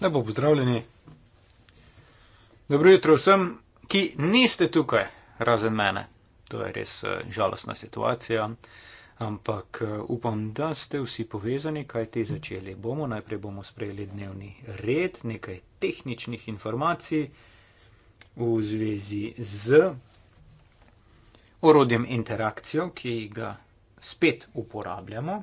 Lepo pozdravljeni. Dobro jutro vsem, ki niste tukaj, razen mene. To je res eh, žalostna situacija, ampak eh, upam, da ste vsi povezani, kaj ti začeli bomo. Najprej bomo sprejeli dnevni red, nekaj tehničnih informacij v zvezi z orodjem interakcijo, ki ga spet uporabljamo.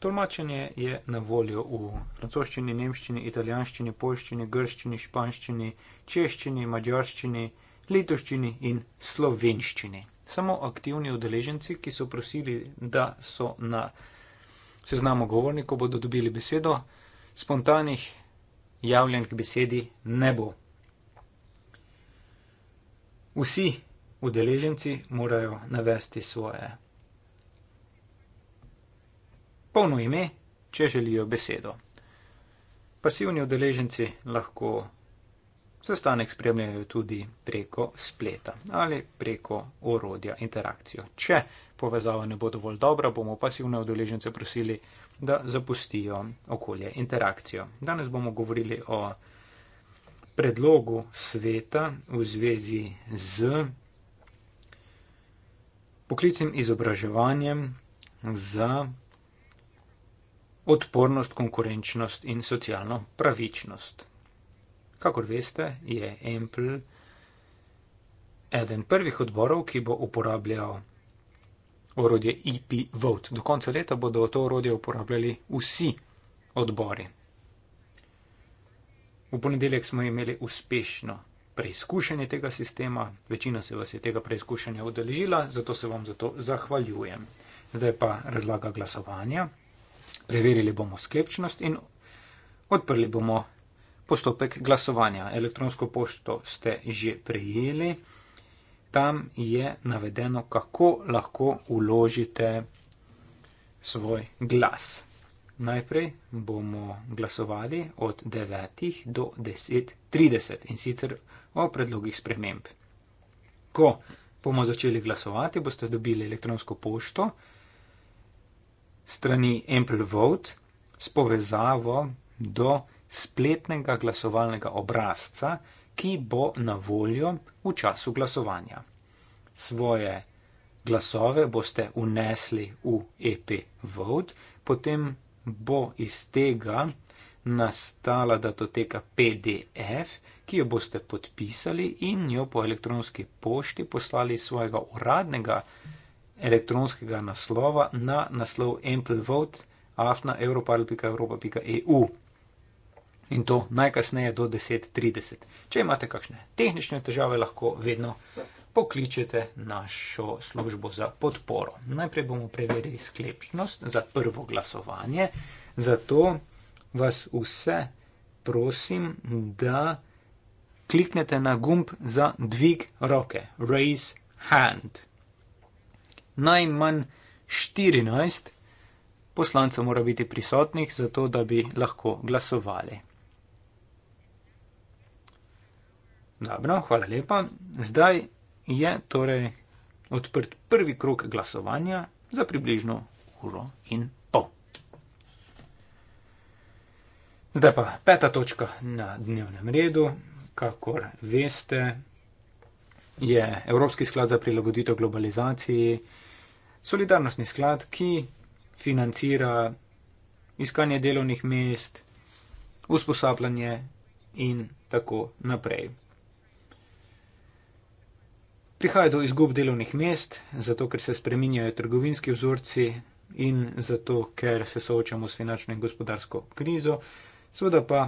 Tolmačenje je na voljo v francoščini, nemščini, italijanščini, polščini, grščini, španščini, češčini, mađarščini, litoščini in slovenščini. Samo aktivni udeleženci, ki so prosili, da so na seznamu govornikov, bodo dobili besedo, spontanih javljanj k besedi ne bo. Vsi udeleženci morajo navesti svoje polno ime, če želijo besedo. Pasivni udeleženci lahko sestanek spremljajo tudi preko spleta ali preko orodja interakcijo. Če povezava ne bo dovolj dobra, bomo pasivne udeležence prosili, da zapustijo okolje interakcijo. Danes bomo govorili o predlogu sveta v zvezi z poklicnim izobraževanjem za odpornost, konkurenčnost in socialno pravičnost. Kakor veste, je Ample eden prvih odborov, ki bo uporabljal orodje EPVOT. Do konca leta bodo to orodje uporabljali vsi odbori. V ponedeljek smo imeli uspešno preizkušanje tega sistema, večina se vas je tega preizkušanja udeležila, zato se vam za to zahvaljujem. Zdaj pa razlaga glasovanja. Preverili bomo sklepčnost in odprli bomo postopek glasovanja. Elektronsko pošto ste že prejeli. Tam je navedeno, kako lahko uložite svoj glas. Najprej bomo glasovali od 9 do 10.30 in sicer o predlogih sprememb. Ko bomo začeli glasovati, boste dobili elektronsko pošto, strani Apple Vote s povezavo do spletnega glasovalnega obrazca, ki bo na voljo v času glasovanja. Svoje glasove boste unesli v EP Vote, potem bo iz tega nastala datoteka PDF, ki jo boste podpisali in jo po elektronski pošti poslali svojega uradnega elektronskega naslova na naslov amplevote.afna.europarl.eu in to najkasneje do 10.30. Če imate kakšne tehnične težave, lahko vedno pokličete našo službo za podporo. Najprej bomo preverili sklepčnost za prvo glasovanje, zato vas vse prosim, da kliknete na gumb za dvig roke, raise hand najmanj 14 poslancev mora biti prisotnih, zato da bi lahko glasovali. Dobro, hvala lepa. Zdaj je torej odprt prvi krok glasovanja za približno uro in pol. Zdaj pa peta točka na dnevnem redu. Kakor veste, je Evropski sklad za prilagoditev globalizaciji solidarnostni sklad, ki financira iskanje delovnih mest, usposabljanje in tako naprej. Prihaja do izgub delovnih mest, zato ker se spreminjajo trgovinski vzorci in zato ker se soočamo s finančno in gospodarsko krizo, seveda pa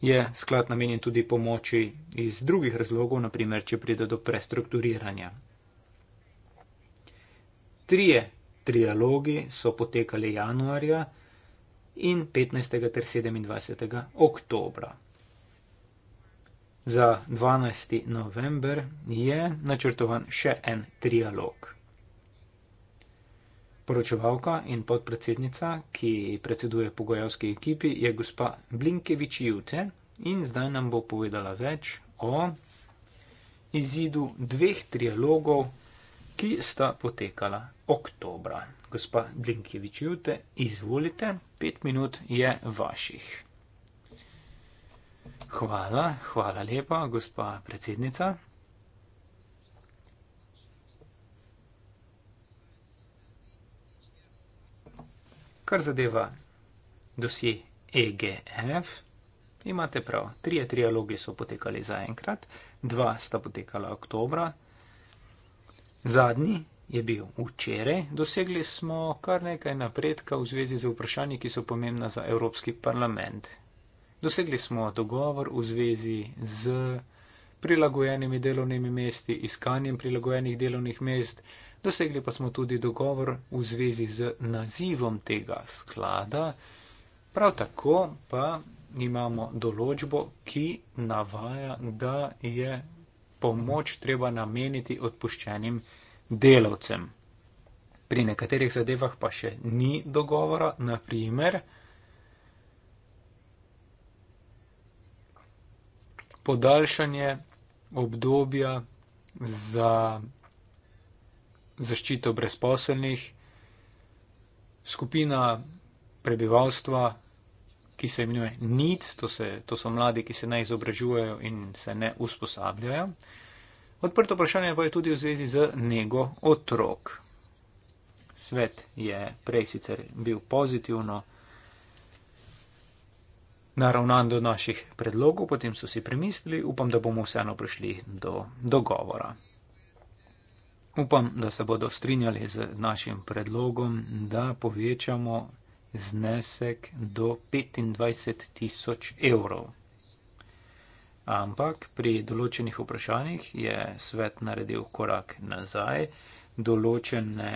je sklad namenjen tudi pomoči iz drugih razlogov, naprimer, če pride do prestrukturiranja trije trialogi so potekali januarja in 15. ter 27. oktobra. Za 12. november je načrtovan še en trialog. Poročevalka in podpredsednica, ki predseduje pogojavski ekipi, je gospa Blinkevič Jute in zdaj nam bo povedala več o izidu dveh trialogov ki sta potekala oktobra. Gospa Blinkjevič, jute, izvolite, pet minut je vaših. Hvala, hvala lepa, gospa predsednica. Kar zadeva dosje EGF, imate prav, trije trialogi so potekali zaenkrat, dva sta potekala oktobra, Zadnji je bil včeraj. Dosegli smo kar nekaj napredka v zvezi z vprašanji, ki so pomembna za Evropski parlament. Dosegli smo dogovor v zvezi z prilagojenimi delovnimi mesti, iskanjem prilagojenih delovnih mest. Dosegli pa smo tudi dogovor v zvezi z nazivom tega sklada. Prav tako pa imamo določbo, ki navaja, da je pomoč treba nameniti odpuščenim delavcem. Pri nekaterih zadevah pa še ni dogovora, naprimer podaljšanje obdobja za zaščito brezposelnih, skupina prebivalstva, ki se imenuje NIC, to, se, to so mladi, ki se ne izobražujejo in se ne usposabljajo. Odprto vprašanje pa je tudi v zvezi z nego otrok. Svet je prej sicer bil pozitivno naravnan do naših predlogov, potem so si premislili, upam, da bomo vseeno prišli do dogovora. Upam, da se bodo strinjali z našim predlogom, da povečamo znesek do 25 tisoč evrov. Ampak pri določenih vprašanjih je svet naredil korak nazaj, določene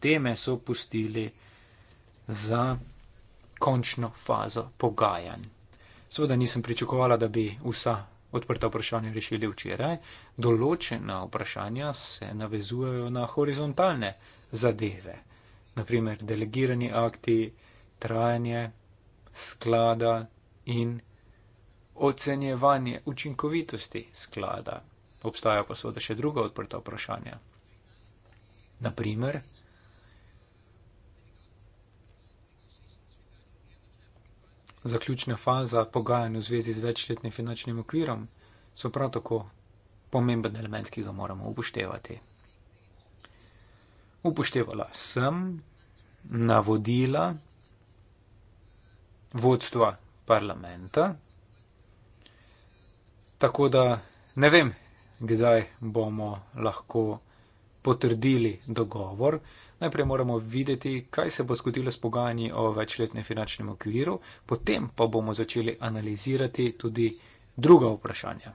teme so pustili za končno fazo pogajanj. Seveda nisem pričakovala, da bi vsa odprta vprašanja rešili včeraj, določena vprašanja se navezujejo na horizontalne zadeve naprimer delegirani akti, trajanje, sklada in ocenjevanje učinkovitosti sklada. Obstajajo pa seveda še druga odprta vprašanja. Naprimer, zaključna faza pogajanj v zvezi z večletnim finančnim okvirom so prav tako pomemben element, ki ga moramo upoštevati upoštevala sem navodila vodstva parlamenta, tako da ne vem, kdaj bomo lahko potrdili dogovor. Najprej moramo videti, kaj se bo zgodilo s pogajanji o večletnem finančnem okviru, potem pa bomo začeli analizirati tudi druga vprašanja.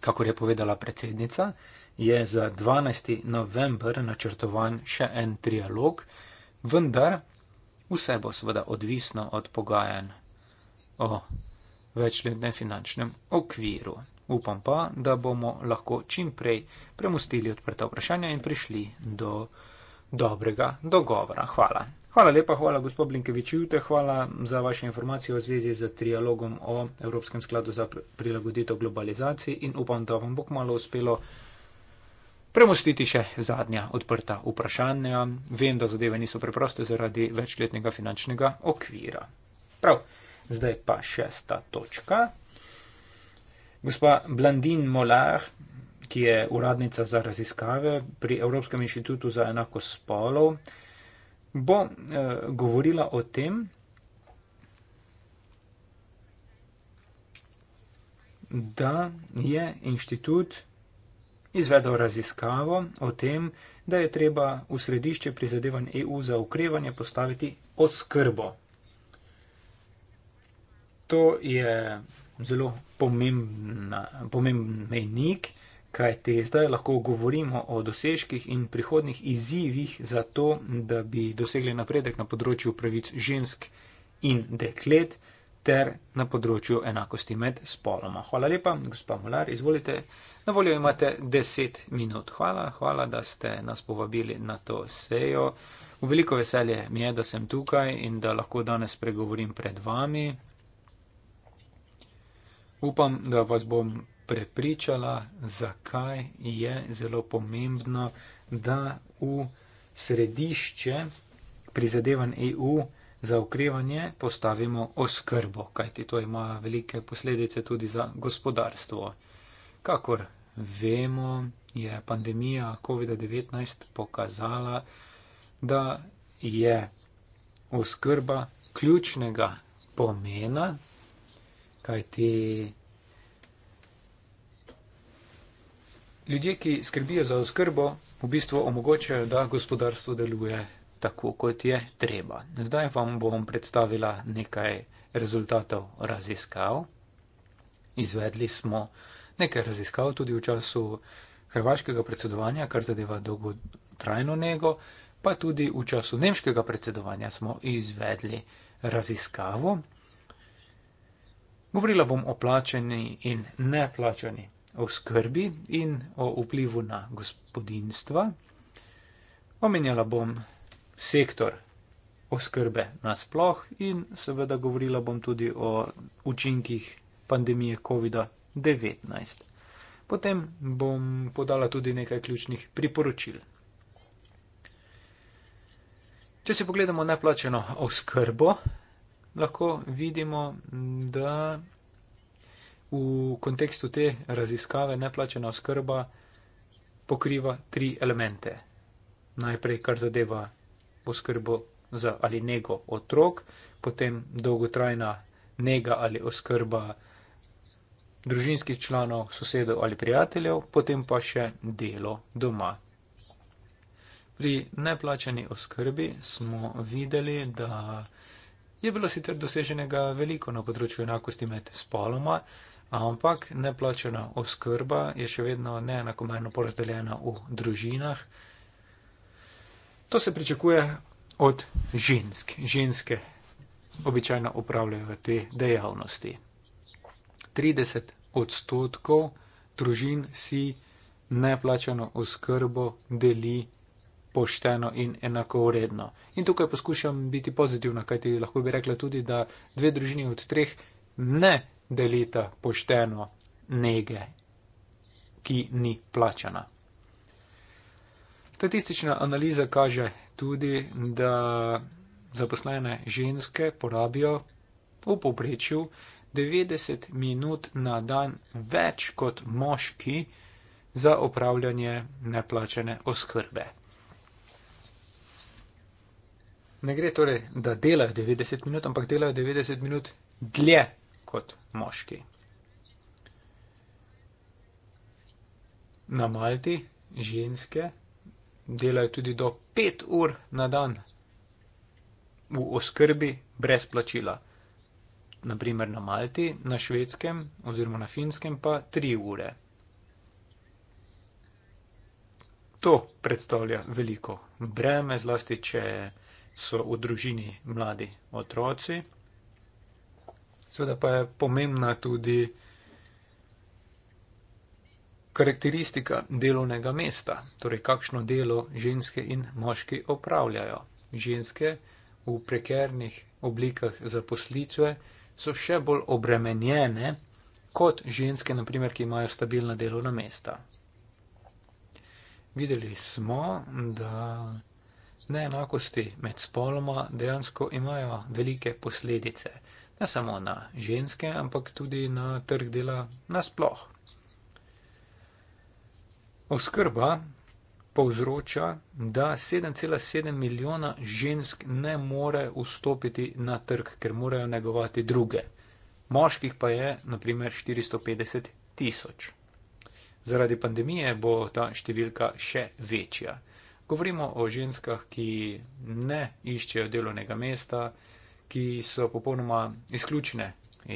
Kakor je povedala predsednica, je za 12. november načrtovan še en trialog, vendar vse bo seveda odvisno od pogajanj o večletnem finančnem okviru. Upam pa, da bomo lahko čim prej premustili odprta vprašanja in prišli do dobrega dogovora. Hvala. Hvala lepa, hvala gospod Blinkevič Jute, hvala za vaše informacije v zvezi z trialogom o Evropskem skladu za prilagoditev globalizaciji in upam, da vam bo kmalo uspelo premostiti še zadnja odprta vprašanja. Vem, da zadeve niso preproste zaradi večletnega finančnega okvira. Prav, zdaj pa šesta točka. Gospa Blandin Molar, ki je uradnica za raziskave pri Evropskem inštitutu za enako spolov, bo eh, govorila o tem, da je inštitut izvedel raziskavo o tem, da je treba v središče prizadevanj EU za ukrevanje postaviti oskrbo. To je zelo pomembna, pomemben menik, kaj te zdaj lahko govorimo o dosežkih in prihodnih izzivih za to, da bi dosegli napredek na področju pravic žensk in deklet ter na področju enakosti med spoloma. Hvala lepa, gospa Molar, izvolite. Na voljo imate 10 minut. Hvala, hvala, da ste nas povabili na to sejo. V veliko veselje mi je, da sem tukaj in da lahko danes pregovorim pred vami. Upam, da vas bom prepričala, zakaj je zelo pomembno, da v središče prizadevan EU za okrevanje postavimo oskrbo, kajti to ima velike posledice tudi za gospodarstvo. Kakor vemo, je pandemija COVID-19 pokazala, da je oskrba ključnega pomena, kajti ljudje, ki skrbijo za oskrbo, v bistvu omogočajo, da gospodarstvo deluje tako, kot je treba. Zdaj vam bom predstavila nekaj rezultatov raziskav. Izvedli smo nekaj raziskav tudi v času hrvaškega predsedovanja, kar zadeva dolgotrajno nego, pa tudi v času nemškega predsedovanja smo izvedli raziskavo. Govorila bom o plačeni in neplačeni oskrbi in o vplivu na gospodinstva. Omenjala bom sektor oskrbe nasploh in seveda govorila bom tudi o učinkih pandemije COVID-19. Potem bom podala tudi nekaj ključnih priporočil. Če si pogledamo neplačeno oskrbo, lahko vidimo, da v kontekstu te raziskave neplačena oskrba pokriva tri elemente. Najprej, kar zadeva oskrbo za ali nego otrok, potem dolgotrajna nega ali oskrba družinskih članov, sosedov ali prijateljev, potem pa še delo doma. Pri neplačani oskrbi smo videli, da je bilo sicer doseženega veliko na področju enakosti med spoloma, ampak neplačana oskrba je še vedno neenakomerno porazdeljena v družinah. To se pričakuje od žensk. Ženske običajno upravljajo te dejavnosti. 30 odstotkov družin si neplačano oskrbo deli pošteno in enako vredno. In tukaj poskušam biti pozitivna, kajti lahko bi rekla tudi, da dve družini od treh ne delita pošteno nege, ki ni plačana. Statistična analiza kaže tudi, da zaposlene ženske porabijo v povprečju 90 minut na dan več kot moški za opravljanje neplačene oskrbe. Ne gre torej, da delajo 90 minut, ampak delajo 90 minut dlje kot moški. Na Malti ženske delajo tudi do 5 ur na dan v oskrbi brez plačila. Naprimer na Malti, na švedskem oziroma na finskem pa 3 ure. To predstavlja veliko breme, zlasti če so v družini mladi otroci. Seveda pa je pomembna tudi Karakteristika delovnega mesta, torej kakšno delo ženske in moški opravljajo. Ženske v prekernih oblikah zaposlitve so še bolj obremenjene kot ženske, naprimer, ki imajo stabilna delovna mesta. Videli smo, da neenakosti med spoloma dejansko imajo velike posledice, ne samo na ženske, ampak tudi na trg dela nasploh. Oskrba povzroča, da 7,7 milijona žensk ne more vstopiti na trg, ker morajo negovati druge. Moških pa je naprimer 450 tisoč. Zaradi pandemije bo ta številka še večja. Govorimo o ženskah, ki ne iščejo delovnega mesta, ki so popolnoma izključene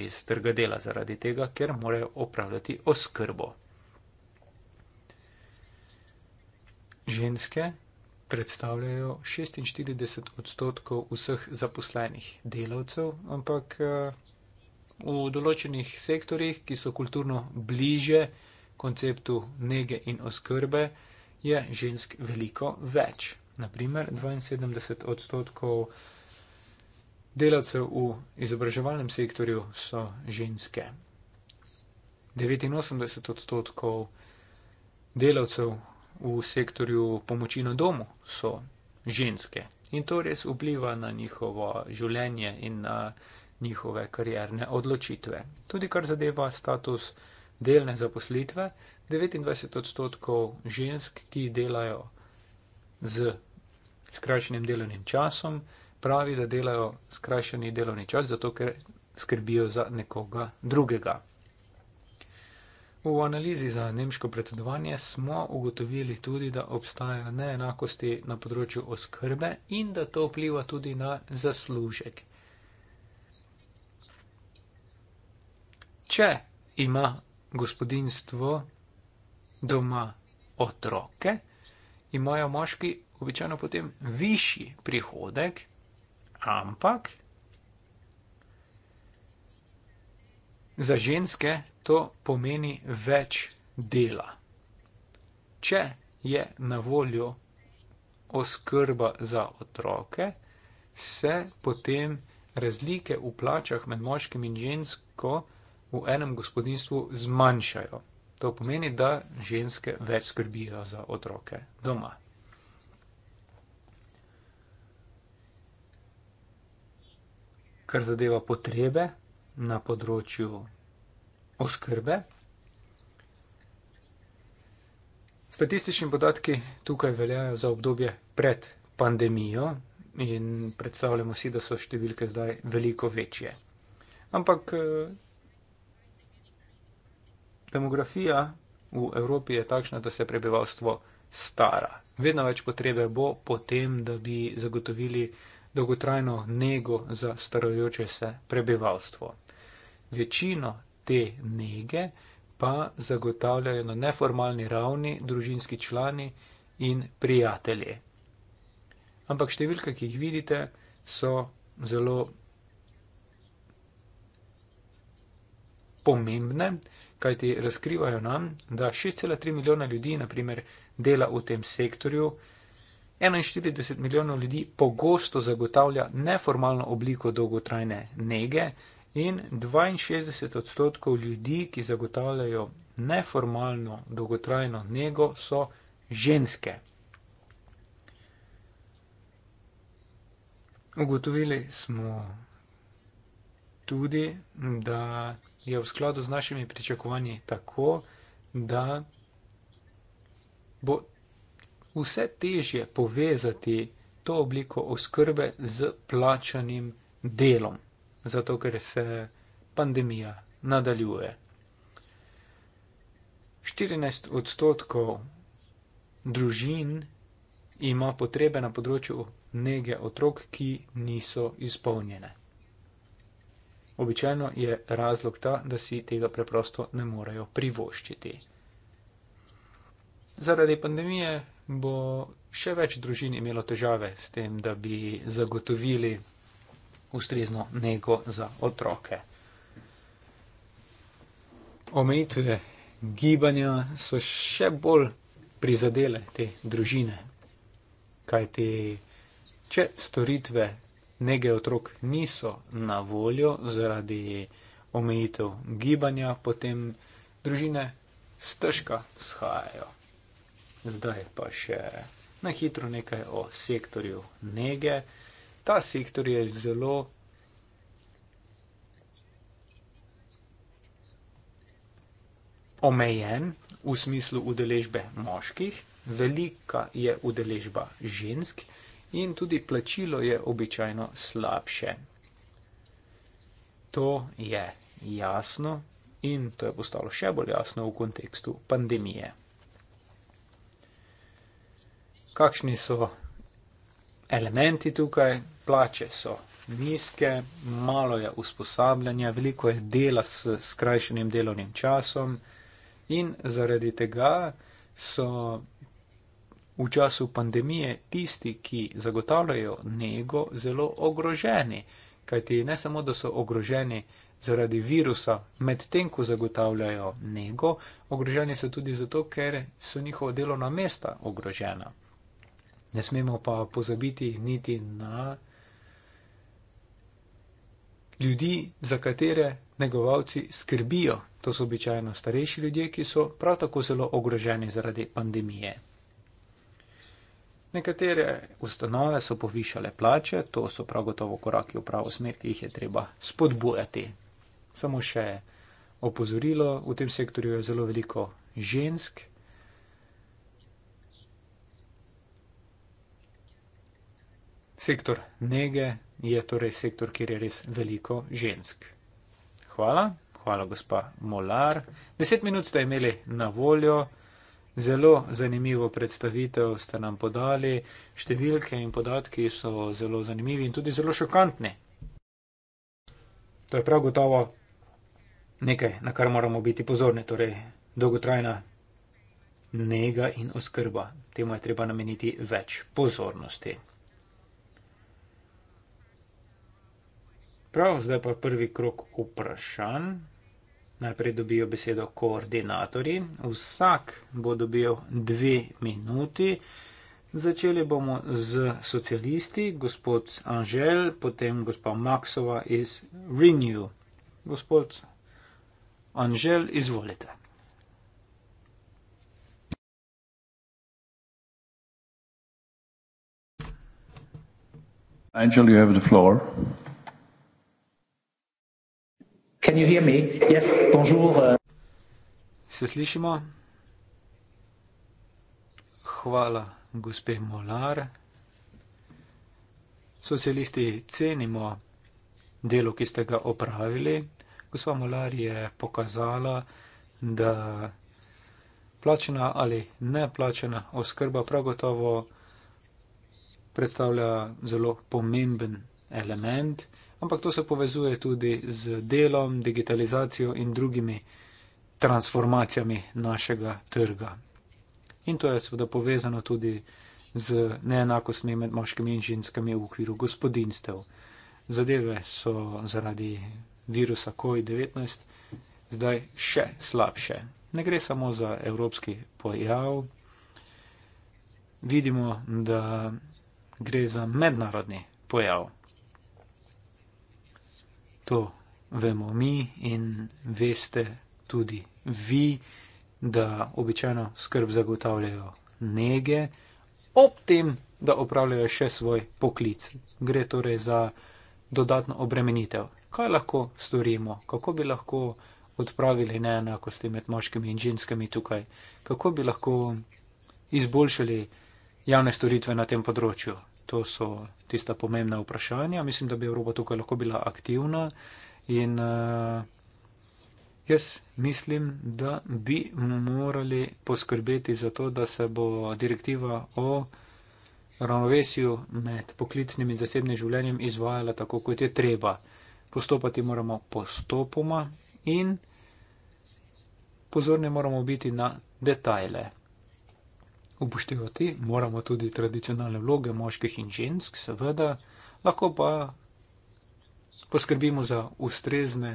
iz trga dela zaradi tega, ker morajo opravljati oskrbo. Ženske predstavljajo 46 odstotkov vseh zaposlenih delavcev, ampak eh, v določenih sektorjih, ki so kulturno bliže konceptu nege in oskrbe, je žensk veliko več. Naprimer, 72 odstotkov delavcev v izobraževalnem sektorju so ženske. 89 odstotkov delavcev v sektorju pomoči na domu so ženske in to res vpliva na njihovo življenje in na njihove karjerne odločitve. Tudi kar zadeva status delne zaposlitve, 29 odstotkov žensk, ki delajo z skrajšenim delovnim časom, pravi, da delajo skrajšeni delovni čas, zato ker skrbijo za nekoga drugega. V analizi za nemško predsedovanje smo ugotovili tudi, da obstajajo neenakosti na področju oskrbe in da to vpliva tudi na zaslužek. Če ima gospodinstvo doma otroke, imajo moški običajno potem višji prihodek, ampak za ženske to pomeni več dela. Če je na voljo oskrba za otroke, se potem razlike v plačah med moškim in žensko v enem gospodinstvu zmanjšajo. To pomeni, da ženske več skrbijo za otroke doma. Kar zadeva potrebe na področju oskrbe. Statistični podatki tukaj veljajo za obdobje pred pandemijo in predstavljamo si, da so številke zdaj veliko večje. Ampak eh, demografija v Evropi je takšna, da se prebivalstvo stara. Vedno več potrebe bo potem, da bi zagotovili dolgotrajno nego za starojoče se prebivalstvo. Večino te nege pa zagotavljajo na neformalni ravni družinski člani in prijatelji. Ampak številke, ki jih vidite, so zelo pomembne, kajti razkrivajo nam, da 6,3 milijona ljudi naprimer dela v tem sektorju, 41 milijonov ljudi pogosto zagotavlja neformalno obliko dolgotrajne nege, In 62 odstotkov ljudi, ki zagotavljajo neformalno dolgotrajno nego, so ženske. Ugotovili smo tudi, da je v skladu z našimi pričakovanji tako, da bo vse težje povezati to obliko oskrbe z plačanim delom zato ker se pandemija nadaljuje. 14 odstotkov družin ima potrebe na področju nege otrok, ki niso izpolnjene. Običajno je razlog ta, da si tega preprosto ne morejo privoščiti. Zaradi pandemije bo še več družin imelo težave s tem, da bi zagotovili ustrezno nego za otroke. Omejitve gibanja so še bolj prizadele te družine, kajti če storitve nege otrok niso na voljo zaradi omejitev gibanja, potem družine stržka shajajo. Zdaj pa še na hitro nekaj o sektorju nege ta sektor je zelo omejen v smislu udeležbe moških, velika je udeležba žensk in tudi plačilo je običajno slabše. To je jasno in to je postalo še bolj jasno v kontekstu pandemije. Kakšni so elementi tukaj, plače so nizke, malo je usposabljanja, veliko je dela s skrajšenim delovnim časom in zaradi tega so v času pandemije tisti, ki zagotavljajo nego, zelo ogroženi, kajti ne samo, da so ogroženi zaradi virusa, medtem ko zagotavljajo nego, ogroženi so tudi zato, ker so njihova delovna mesta ogrožena. Ne smemo pa pozabiti niti na ljudi, za katere negovalci skrbijo. To so običajno starejši ljudje, ki so prav tako zelo ogroženi zaradi pandemije. Nekatere ustanove so povišale plače, to so prav gotovo koraki v pravo smer, ki jih je treba spodbujati. Samo še opozorilo, v tem sektorju je zelo veliko žensk, Sektor nege je torej sektor, kjer je res veliko žensk. Hvala, hvala gospa Molar. Deset minut ste imeli na voljo. Zelo zanimivo predstavitev ste nam podali, številke in podatki so zelo zanimivi in tudi zelo šokantni. To je prav gotovo nekaj, na kar moramo biti pozorni, torej dolgotrajna nega in oskrba. Temu je treba nameniti več pozornosti. Prav, zdaj pa prvi krok vprašanj. Najprej dobijo besedo koordinatorji. Vsak bo dobil dve minuti. Začeli bomo z socialisti, gospod Anžel, potem gospa Maksova iz Renew. Gospod Anžel, izvolite. Angel, you have the floor. Can you hear me? Yes, bonjour. Uh. Se slišimo? Hvala, gospe Molar. Socialisti cenimo delo, ki ste ga opravili. Gospa Molar je pokazala, da plačena ali neplačena oskrba prav gotovo predstavlja zelo pomemben element ampak to se povezuje tudi z delom, digitalizacijo in drugimi transformacijami našega trga. In to je seveda povezano tudi z neenakostmi med moškimi in ženskami v okviru gospodinstev. Zadeve so zaradi virusa COVID-19 zdaj še slabše. Ne gre samo za evropski pojav, vidimo, da gre za mednarodni pojav. To vemo mi in veste tudi vi, da običajno skrb zagotavljajo nege, ob tem, da opravljajo še svoj poklic. Gre torej za dodatno obremenitev. Kaj lahko storimo, kako bi lahko odpravili neenakosti med moškimi in ženskami tukaj, kako bi lahko izboljšali javne storitve na tem področju to so tista pomembna vprašanja. Mislim, da bi Evropa tukaj lahko bila aktivna in uh, jaz mislim, da bi morali poskrbeti za to, da se bo direktiva o ravnovesju med poklicnim in zasebnim življenjem izvajala tako, kot je treba. Postopati moramo postopoma in pozorni moramo biti na detajle upoštevati moramo tudi tradicionalne vloge moških in žensk, seveda, lahko pa poskrbimo za ustrezne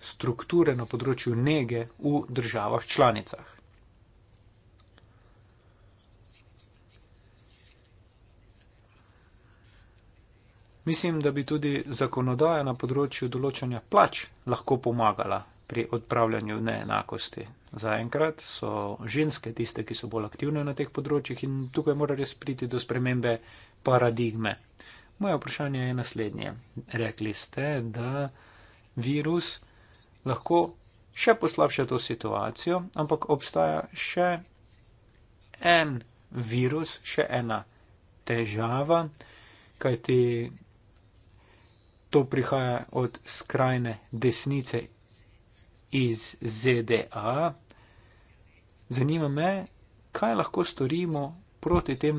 strukture na področju nege v državah članicah. Mislim, da bi tudi zakonodaja na področju določanja plač lahko pomagala pri odpravljanju neenakosti zaenkrat so ženske tiste, ki so bolj aktivne na teh področjih in tukaj mora res priti do spremembe paradigme. Moje vprašanje je naslednje. Rekli ste, da virus lahko še poslabša to situacijo, ampak obstaja še en virus, še ena težava, kajti to prihaja od skrajne desnice iz ZDA, Zanima me, kaj lahko storimo proti tem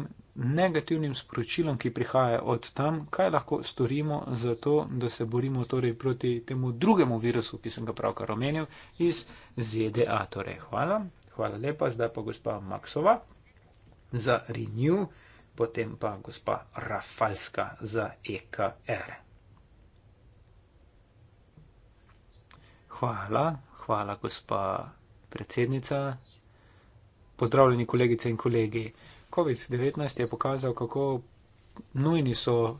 negativnim sporočilom, ki prihajajo od tam, kaj lahko storimo za to, da se borimo torej proti temu drugemu virusu, ki sem ga pravkar omenil, iz ZDA. Torej, hvala. Hvala lepa, zdaj pa gospa Maksova za Renew, potem pa gospa Rafalska za EKR. Hvala, hvala gospa predsednica pozdravljeni kolegice in kolegi. COVID-19 je pokazal, kako nujni so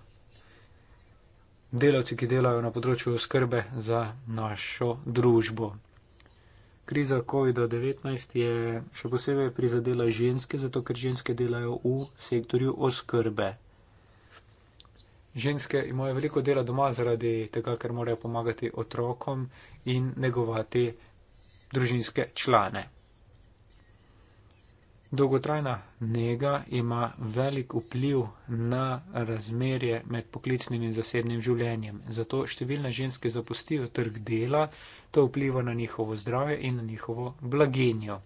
delavci, ki delajo na področju skrbe za našo družbo. Kriza COVID-19 je še posebej prizadela ženske, zato ker ženske delajo v sektorju oskrbe. Ženske imajo veliko dela doma zaradi tega, ker morajo pomagati otrokom in negovati družinske člane. Dolgotrajna njega ima velik vpliv na razmerje med poklicnim in zasebnim življenjem. Zato številne ženske zapustijo trg dela, to vpliva na njihovo zdravje in na njihovo blaginjo.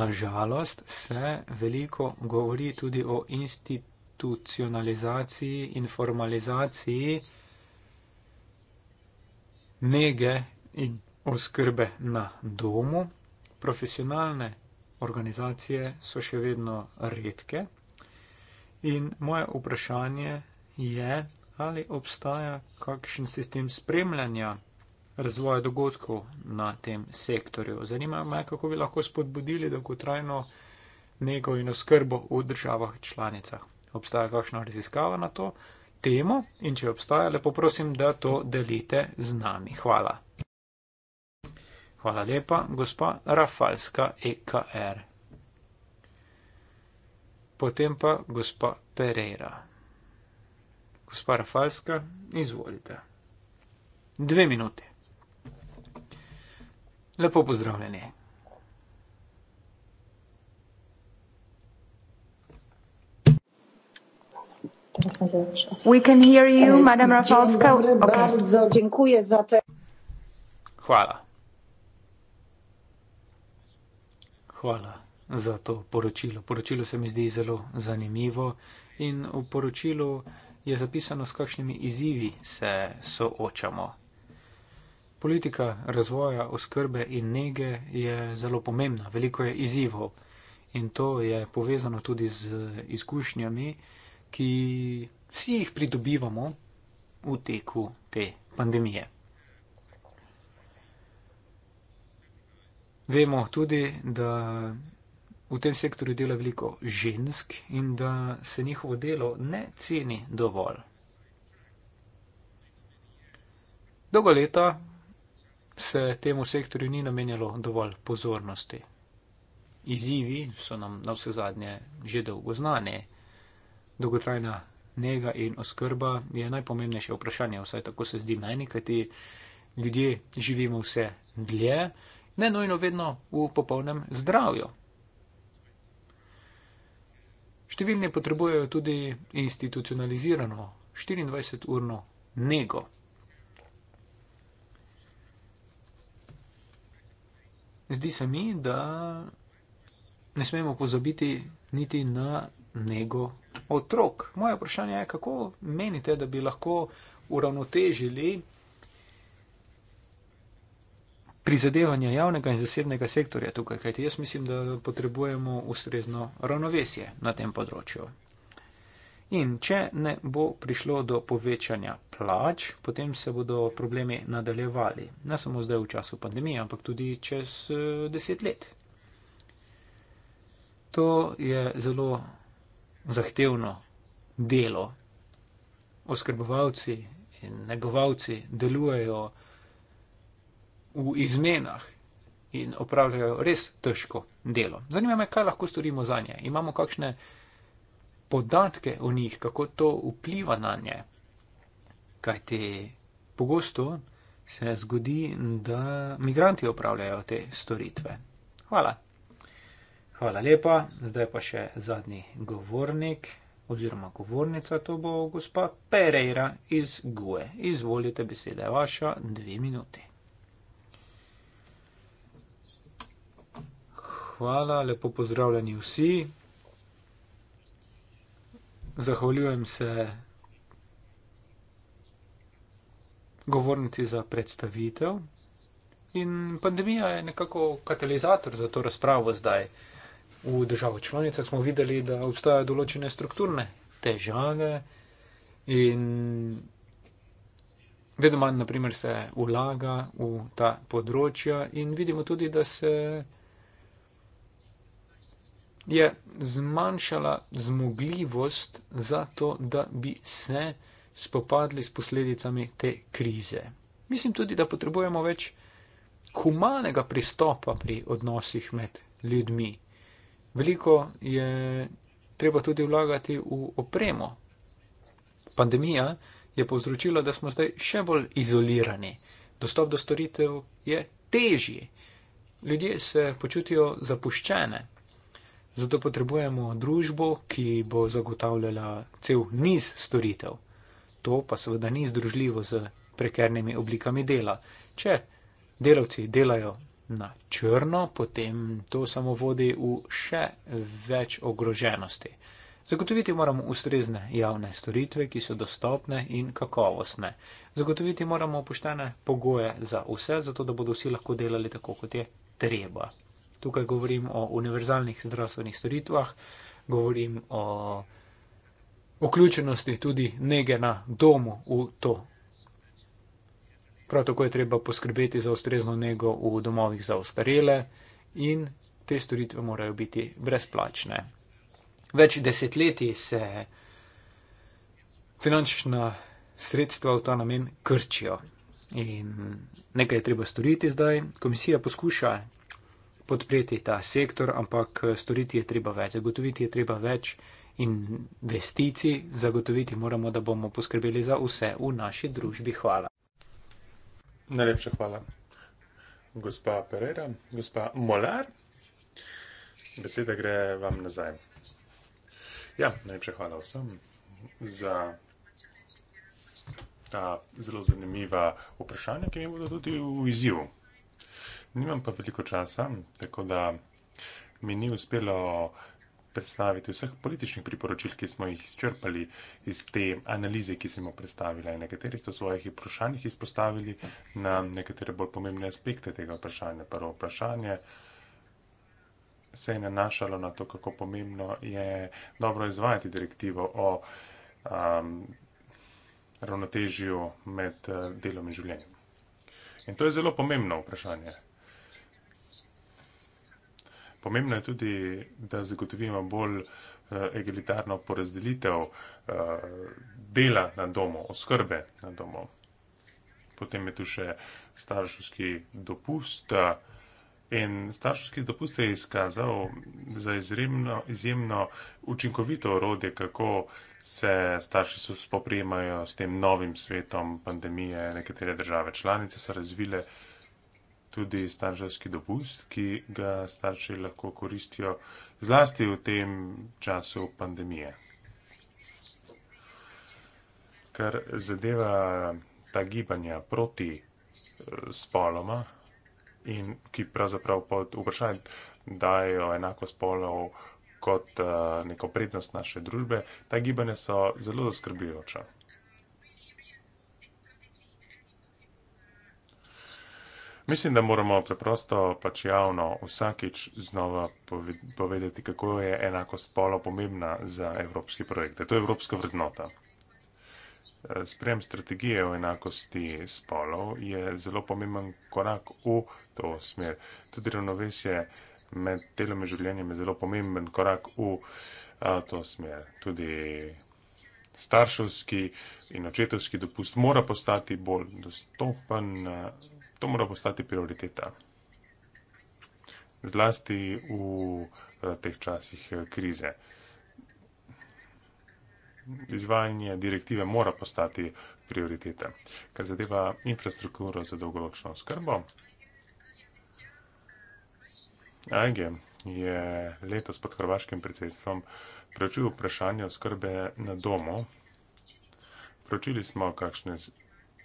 Nažalost se veliko govori tudi o institucionalizaciji in formalizaciji nege in oskrbe na domu. Profesionalne organizacije so še vedno redke. In moje vprašanje je, ali obstaja kakšen sistem spremljanja razvoja dogodkov na tem sektorju. Zanima me, kako bi lahko spodbudili dolgotrajno nego in oskrbo v državah članicah. Obstaja kakšna raziskava na to temo in če obstaja, lepo prosim, da to delite z nami. Hvala. Hvala lepa, gospa Rafalska EKR. Potem pa gospa Pereira. Gospa Rafalska, izvolite. Dve minuti. Lepo pozdravljeni. Hear you, Madam Rafalska. Dzień dobry, okay. Bardzo dziękuję za te. Hvala. Hvala za to poročilo. Poročilo se mi zdi zelo zanimivo in v poročilu je zapisano, s kakšnimi izzivi se soočamo. Politika razvoja, oskrbe in nege je zelo pomembna, veliko je izzivov in to je povezano tudi z izkušnjami, ki vsi jih pridobivamo v teku te pandemije. Vemo tudi, da v tem sektorju dela veliko žensk in da se njihovo delo ne ceni dovolj. Dolgo leta se temu sektorju ni namenjalo dovolj pozornosti. Izzivi so nam na vse zadnje že dolgo znani. Dolgotrajna njega in oskrba je najpomembnejše vprašanje, vsaj tako se zdi meni, kajti ljudje živimo vse dlje ne nujno vedno v popolnem zdravju. Številni potrebujejo tudi institucionalizirano 24-urno nego. Zdi se mi, da ne smemo pozabiti niti na nego otrok. Moje vprašanje je, kako menite, da bi lahko uravnotežili prizadevanja javnega in zasebnega sektorja tukaj, kajti jaz mislim, da potrebujemo ustrezno ravnovesje na tem področju. In če ne bo prišlo do povečanja plač, potem se bodo problemi nadaljevali. Ne samo zdaj v času pandemije, ampak tudi čez eh, deset let. To je zelo zahtevno delo. Oskrbovalci in negovalci delujejo v izmenah in opravljajo res težko delo. Zanima me, kaj lahko storimo za nje. Imamo kakšne podatke o njih, kako to vpliva na nje. Kaj ti pogosto se zgodi, da migranti opravljajo te storitve. Hvala. Hvala lepa. Zdaj pa še zadnji govornik oziroma govornica, to bo gospa Pereira iz Gue. Izvolite besede, vaša dve minuti. hvala, lepo pozdravljeni vsi. Zahvaljujem se govornici za predstavitev. In pandemija je nekako katalizator za to razpravo zdaj. V državah članicah smo videli, da obstajajo določene strukturne težave in vedno manj, naprimer, se ulaga v ta področja, in vidimo tudi, da se je zmanjšala zmogljivost za to, da bi se spopadli s posledicami te krize. Mislim tudi, da potrebujemo več humanega pristopa pri odnosih med ljudmi. Veliko je treba tudi vlagati v opremo. Pandemija je povzročila, da smo zdaj še bolj izolirani. Dostop do storitev je težji. Ljudje se počutijo zapuščene, Zato potrebujemo družbo, ki bo zagotavljala cel niz storitev. To pa seveda ni združljivo z prekernimi oblikami dela. Če delavci delajo na črno, potem to samo vodi v še več ogroženosti. Zagotoviti moramo ustrezne javne storitve, ki so dostopne in kakovostne. Zagotoviti moramo poštene pogoje za vse, zato da bodo vsi lahko delali tako, kot je treba. Tukaj govorim o univerzalnih zdravstvenih storitvah, govorim o vključenosti tudi nege na domu v to. Prav tako je treba poskrbeti za ustrezno nego v domovih za ostarele in te storitve morajo biti brezplačne. Več desetletij se finančna sredstva v ta namen krčijo. In nekaj je treba storiti zdaj. Komisija poskuša podpreti ta sektor, ampak eh, storiti je treba več, zagotoviti je treba več investicij, zagotoviti moramo, da bomo poskrbeli za vse v naši družbi. Hvala. Najlepša hvala. Gospa Pereira, gospa Molar, beseda gre vam nazaj. Ja, najlepša hvala vsem za ta zelo zanimiva vprašanja, ki mi bodo tudi v izjivu. Nimam pa veliko časa, tako da mi ni uspelo predstaviti vseh političnih priporočil, ki smo jih izčrpali iz te analize, ki sem jo predstavila. Nekateri ste v svojih vprašanjih izpostavili na nekatere bolj pomembne aspekte tega vprašanja. Prvo vprašanje se je nanašalo na to, kako pomembno je dobro izvajati direktivo o um, ravnotežju med uh, delom in življenjem. In to je zelo pomembno vprašanje. Pomembno je tudi, da zagotovimo bolj eh, egalitarno porazdelitev eh, dela na domu, oskrbe na domu. Potem je tu še starševski dopust. Eh, in starševski dopust se je izkazal za izjemno, izjemno učinkovito orodje, kako se starši spoprijemajo s tem novim svetom pandemije. Nekatere države članice so razvile uh, tudi starševski dopust, ki ga starši lahko koristijo zlasti v tem času pandemije. Kar zadeva ta gibanja proti eh, spoloma in ki pravzaprav pod vprašanjem dajo enako spolov kot eh, neko prednost naše družbe, ta gibanja so zelo zaskrbljujoča. Mislim, da moramo preprosto pač javno vsakič znova povedati, kako je enako spolo pomembna za evropske projekte. To je evropska vrednota. Eh, sprejem strategije o enakosti spolov je zelo pomemben korak v to smer. Tudi ravnovesje med telom in življenjem je zelo pomemben korak v a, to smer. Tudi starševski in očetovski dopust mora postati bolj dostopen. A, eh, To mora postati prioriteta. Zlasti v eh, teh časih eh, krize. Izvajanje direktive mora postati prioriteta. Kar zadeva infrastrukturo za dolgoročno skrbo, AEG je letos pod hrvaškim predsedstvom preučil vprašanje o skrbe na domu. Preučili smo, kakšne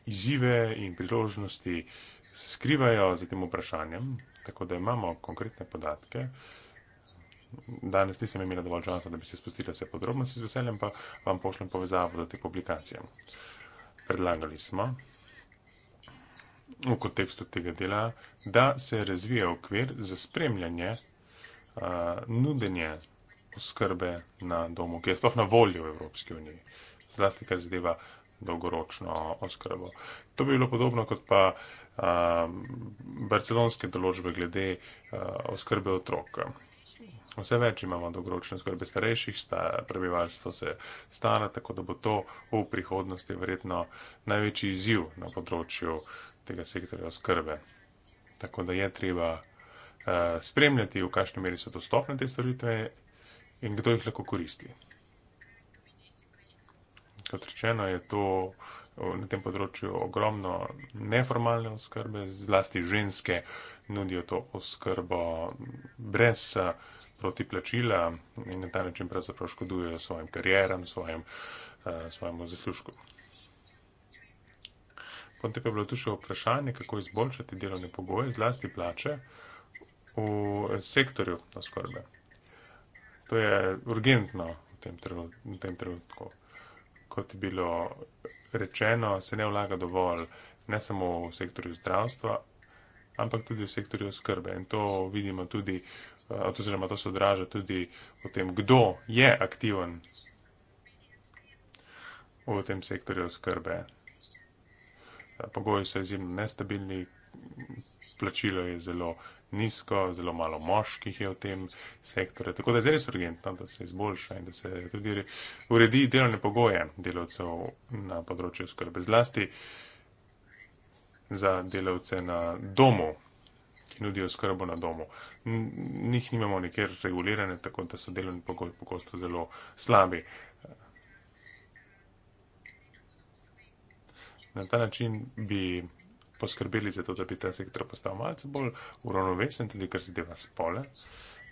izzive in priložnosti uh, se skrivajo za tem vprašanjem, tako da imamo konkretne podatke. Danes nisem imela dovolj časa, da bi se spustila vse podrobnosti z veseljem, pa vam pošljem povezavo do te publikacije. Predlagali smo v kontekstu tega dela, da se razvije okvir za spremljanje uh, nudenje oskrbe na domu, ki je sploh na voljo v Evropski uniji, zlasti kar zadeva dolgoročno oskrbo. To bi bilo podobno kot pa uh, um, barcelonske določbe glede uh, oskrbe otrok. Vse več imamo dolgoročne skrbe starejših, sta, prebivalstvo se stane, tako da bo to v prihodnosti verjetno največji izziv na področju tega sektorja oskrbe. Tako da je treba uh, spremljati, v kakšni meri so dostopne te storitve in kdo jih lahko koristi. Kot rečeno, je to uh, na tem področju ogromno neformalne oskrbe, zlasti ženske nudijo to oskrbo brez eh, protiplačila in na ta način pravzaprav škodujejo svojim karieram, svojim, eh, svojemu zaslužku. Potem pa je bilo tu še vprašanje, kako izboljšati delovne pogoje, zlasti plače v eh, sektorju oskrbe. To je urgentno v tem trenutku, kot je bilo rečeno, se ne vlaga dovolj ne samo v sektorju zdravstva, ampak tudi v sektorju oskrbe. In to vidimo tudi, eh, oziroma to se odraža tudi v tem, kdo je aktiven v tem sektorju oskrbe. Eh, pogoji so izjemno nestabilni, plačilo je zelo nizko, zelo malo moških je v tem sektorju. Tako da je res urgentno, da se izboljša in da se tudi uredi delovne pogoje delavcev na področju skrbe zlasti za delavce na domu, ki nudijo skrbo na domu. Njih nimamo nekjer regulirane, tako da so delovni pogoji pogosto zelo slabi. Na ta način bi poskrbeli za to, da bi ta sektor postal malce bolj uravnovesen, tudi kar zadeva spole.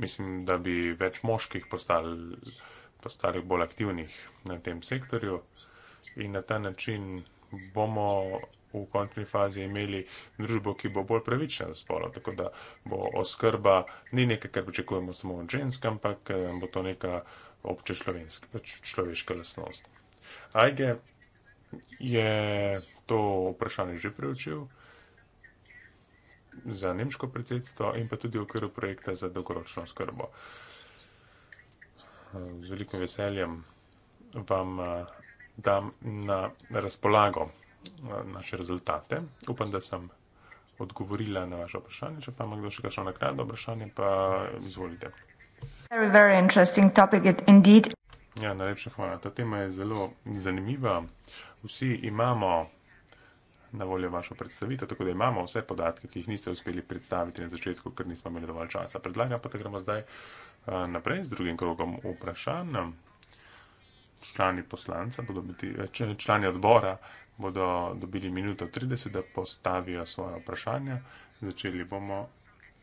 Mislim, da bi več moških postali bolj aktivnih na tem sektorju in na ta način bomo v končni fazi imeli družbo, ki bo bolj pravična za spolo. Tako da bo oskrba ni nekaj, kar pričakujemo samo od žensk, ampak eh, bo to neka obče človeška lasnost. Ajge je to vprašanje že preučil za nemško predsedstvo in pa tudi v okviru projekta za dolgoročno skrbo. Z velikim veseljem vam eh, dam na razpolago eh, naše rezultate. Upam, da sem odgovorila na vaše vprašanje, če pa ima kdo še kakšno nakrado vprašanje, pa izvolite. Very, very ja, najlepša hvala. Ta tema je zelo zanimiva. Vsi imamo na voljo vašo predstavitev, tako da imamo vse podatke, ki jih niste uspeli predstaviti na začetku, ker nismo imeli dovolj časa. Predlagam pa, da gremo zdaj eh, naprej z drugim krogom vprašanj. Člani, poslanca, biti, eh, člani odbora bodo dobili minuto 30, da postavijo svoje vprašanja. Začeli bomo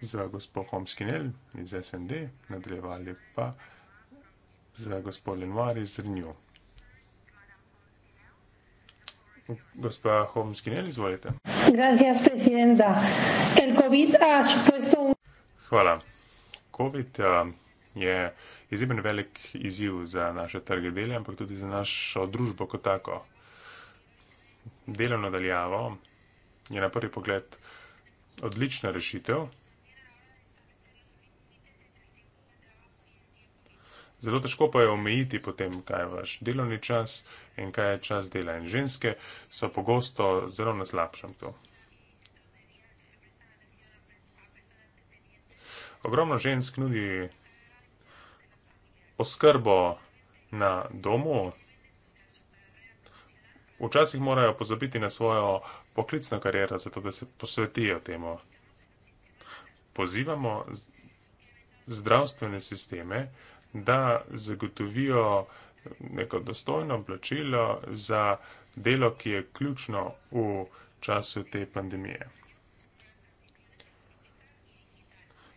z gospod Homskinel iz SND, nadaljevali pa z gospod Lenoir iz Renew. Gospa Homskinel, izvolite. Gracias, El COVID ha supuesto... Hvala. COVID uh, je izjemen velik izziv za naše trge dela, ampak tudi za našo družbo kot tako. Delovno daljavo je na prvi pogled odlična rešitev, Zelo težko pa je omejiti potem, kaj je vaš delovni čas in kaj je čas dela. In ženske so pogosto zelo na slabšem to. Ogromno žensk nudi oskrbo na domu. Včasih morajo pozabiti na svojo poklicno kariero, zato da se posvetijo temu. Pozivamo zdravstvene sisteme, da zagotovijo neko dostojno plačilo za delo, ki je ključno v času te pandemije.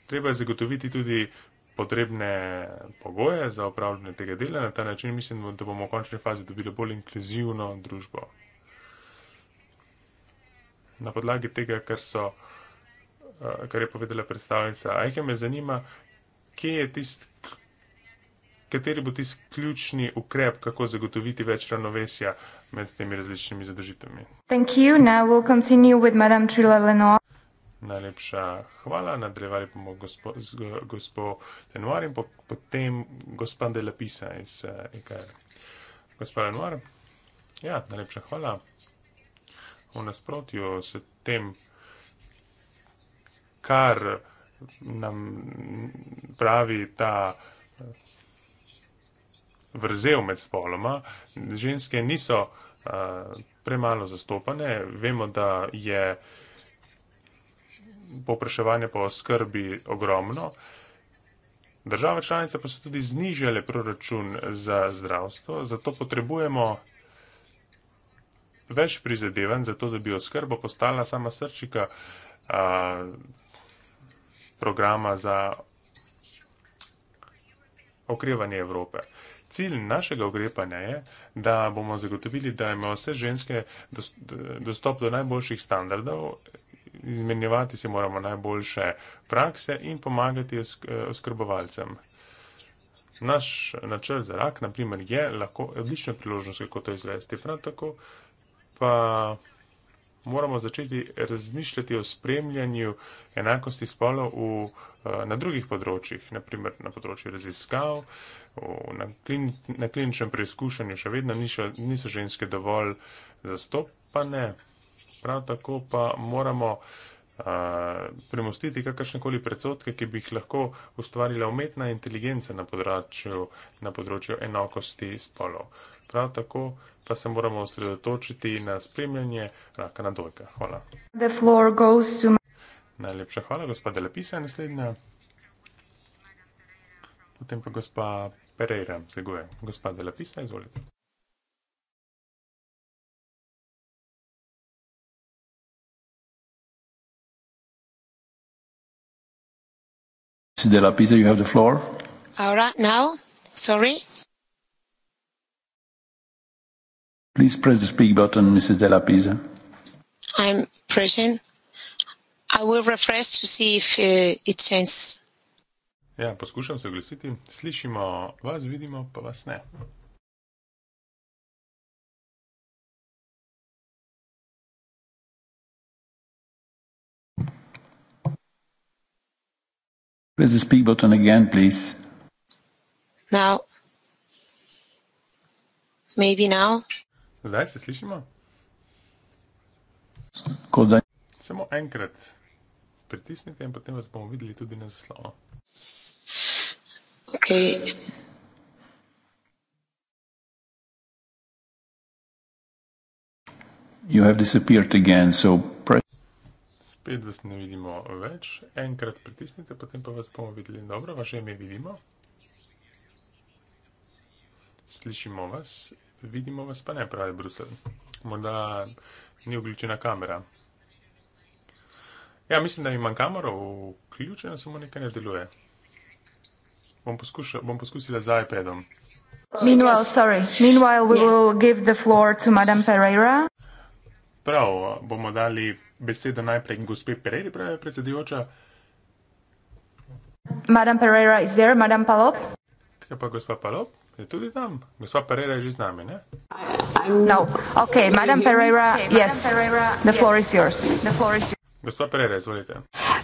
Treba je zagotoviti tudi potrebne pogoje za upravljanje tega dela, na ta način mislim, da bomo v končni fazi dobili bolj inkluzivno družbo. Na podlagi tega, kar, so, eh, kar je povedala predstavnica Ajke, me zanima, kje je tisti kateri bo tisti ključni ukrep, kako zagotoviti več ravnovesja med temi različnimi zadržitvami. We'll Najlepša hvala, nadaljevali bomo gospo Lenoir in po, potem gospa Delapisa iz EKR. Eh, e gospa Lenoir, ja, najlepša hvala. V nasprotju s tem, kar nam pravi ta vrzel med spoloma. Ženske niso uh, premalo zastopane. Vemo, da je popraševanje po skrbi ogromno. Države članice pa so tudi znižale proračun za zdravstvo, zato potrebujemo več prizadevanj za to, da bi oskrbo postala sama srčika a, programa za okrevanje Evrope cilj našega ukrepanja je, da bomo zagotovili, da imajo vse ženske dostop do najboljših standardov, izmenjevati si moramo najboljše prakse in pomagati oskrbovalcem. Naš načrt za rak, naprimer, je lahko odlična priložnost, kako to izvesti. Prav tako pa moramo začeti razmišljati o spremljanju enakosti spolov v Eh, na drugih področjih, naprimer na področju raziskav, na, klin, na kliničnem preizkušanju še vedno niso, niso ženske dovolj zastopane. Prav tako pa moramo eh, premostiti kakršnekoli predsotke, ki bi jih lahko ustvarila umetna inteligenca na področju, na področju enakosti spolov. Prav tako pa se moramo osredotočiti na spremljanje raka na dojka. Hvala. Najlepša hvala, gospod Delepisa, naslednja. Potem pa gospa Pereira, zagoje. Gospod Delepisa, izvolite. Delepisa, you have the floor. All right, now, sorry. Please press the speak button, Mrs. Delapisa. I'm present. I will refresh to see if uh, it changes. Ja, poskušam se oglasiti. Slišimo vas, vidimo pa vas ne. Press the speak button again, please. Now. Maybe now. Zdaj se slišimo? Kodaj. Samo enkrat pritisnite in potem vas bomo videli tudi na zaslonu. Okay. You have disappeared again, so press. Spet vas ne vidimo več. Enkrat pritisnite, potem pa vas bomo videli. Dobro, vaše ime vidimo. Slišimo vas, vidimo vas, pa ne pravi Brusel. Morda ni vključena kamera. Ja, mislim, da imam kamero vključeno, samo nekaj ne deluje. Bom, poskušal, bom poskusila z iPadom. Meanwhile, sorry. Meanwhile, we will give the floor to Madam Pereira. Prav, bomo dali besedo najprej gospe Pereira, pravi predsedujoča. Madam Pereira is there, Madam Palop? Kaj pa gospa Palop? Je tudi tam? Gospa Pereira je že z nami, ne? I, no. Okay, Madam Pereira, okay, yes. Madam Pereira, the, floor yes. the floor is yours. Gaspar Pereira, exatamente.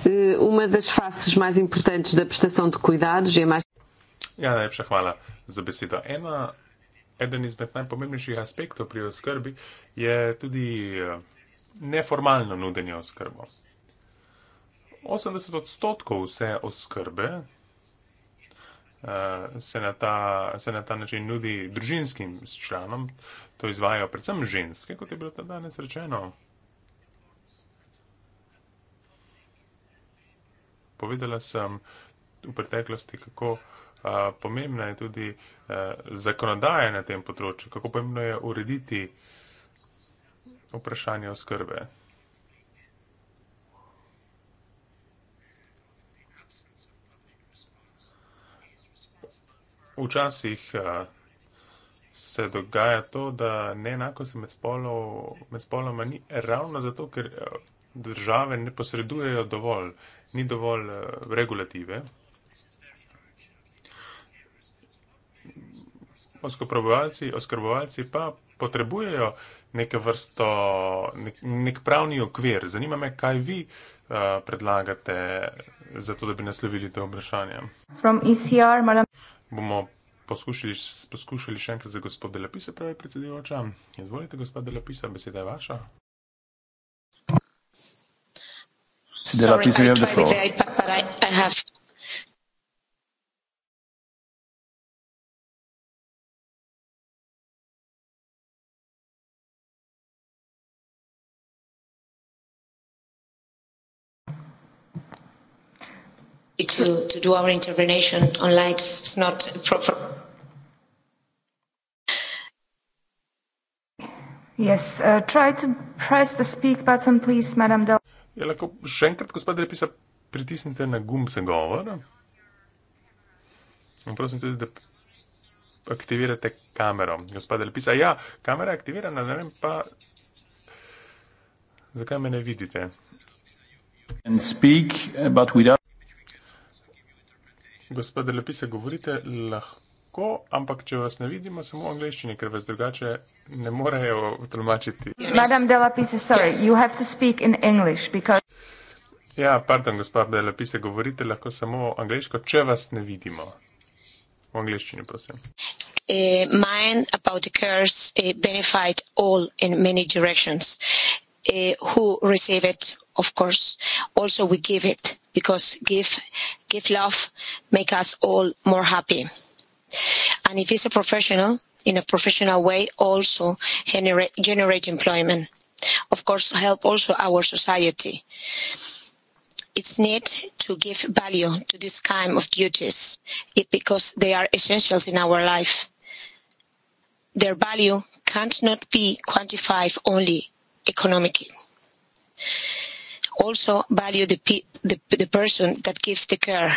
Eh, uma das faces mais importantes da prestação de cuidados é e mais. Ja, najlepša hvala za besedo. Ena, eden izmed najpomembnejših aspektov pri oskrbi je tudi eh, neformalno nudenje oskrbo. 80 odstotkov vse oskrbe eh, se na, ta, se na ta način nudi družinskim članom, to izvajo predvsem ženske, kot je bilo tam danes rečeno. Povedala sem v preteklosti, kako a, pomembna je tudi a, zakonodaja na tem področju, kako pomembno je urediti vprašanje oskrbe. Včasih a, se dogaja to, da neenakost med spoloma ni ravno zato, ker. A, države ne posredujejo dovolj, ni dovolj eh, regulative. Oskrbovalci, oskrbovalci pa potrebujejo neke vrsto, nek, nek pravni okvir. Zanima me, kaj vi uh, predlagate za to, da bi naslovili to vprašanje. ECR, madame... Bomo poskušali, poskušali še enkrat za gospod Delapisa, pravi predsedujoča. Izvolite, gospod Delapisa, beseda je vaša. Sorry, please, we have the floor. To do our intervention on lights, it's not proper. Yes, uh, try to press the speak button, please, Madame Delphine. Je ja, lahko še enkrat, gospod Drepisa, pritisnite na gumb za govor. In prosim tudi, da aktivirate kamero. Gospod Drepisa, ja, kamera je aktivirana, ne vem pa, zakaj me ne vidite. Speak, without... Gospod Drepisa, govorite lahko lahko, ampak če vas ne vidimo samo v angleščini, ker vas drugače ne morejo tolmačiti. Ja, pardon, gospa Delapise, govorite lahko samo v angleško, če vas ne vidimo. V angleščini, prosim. Uh, mine about the curse uh, eh, benefit all in many directions. Uh, who receive it, of course. Also, we give it because give, give love make us all more happy. And if it's a professional, in a professional way, also generate, generate employment. Of course, help also our society. It's need to give value to this kind of duties because they are essentials in our life. Their value cannot be quantified only economically. Also, value the, pe- the, the person that gives the care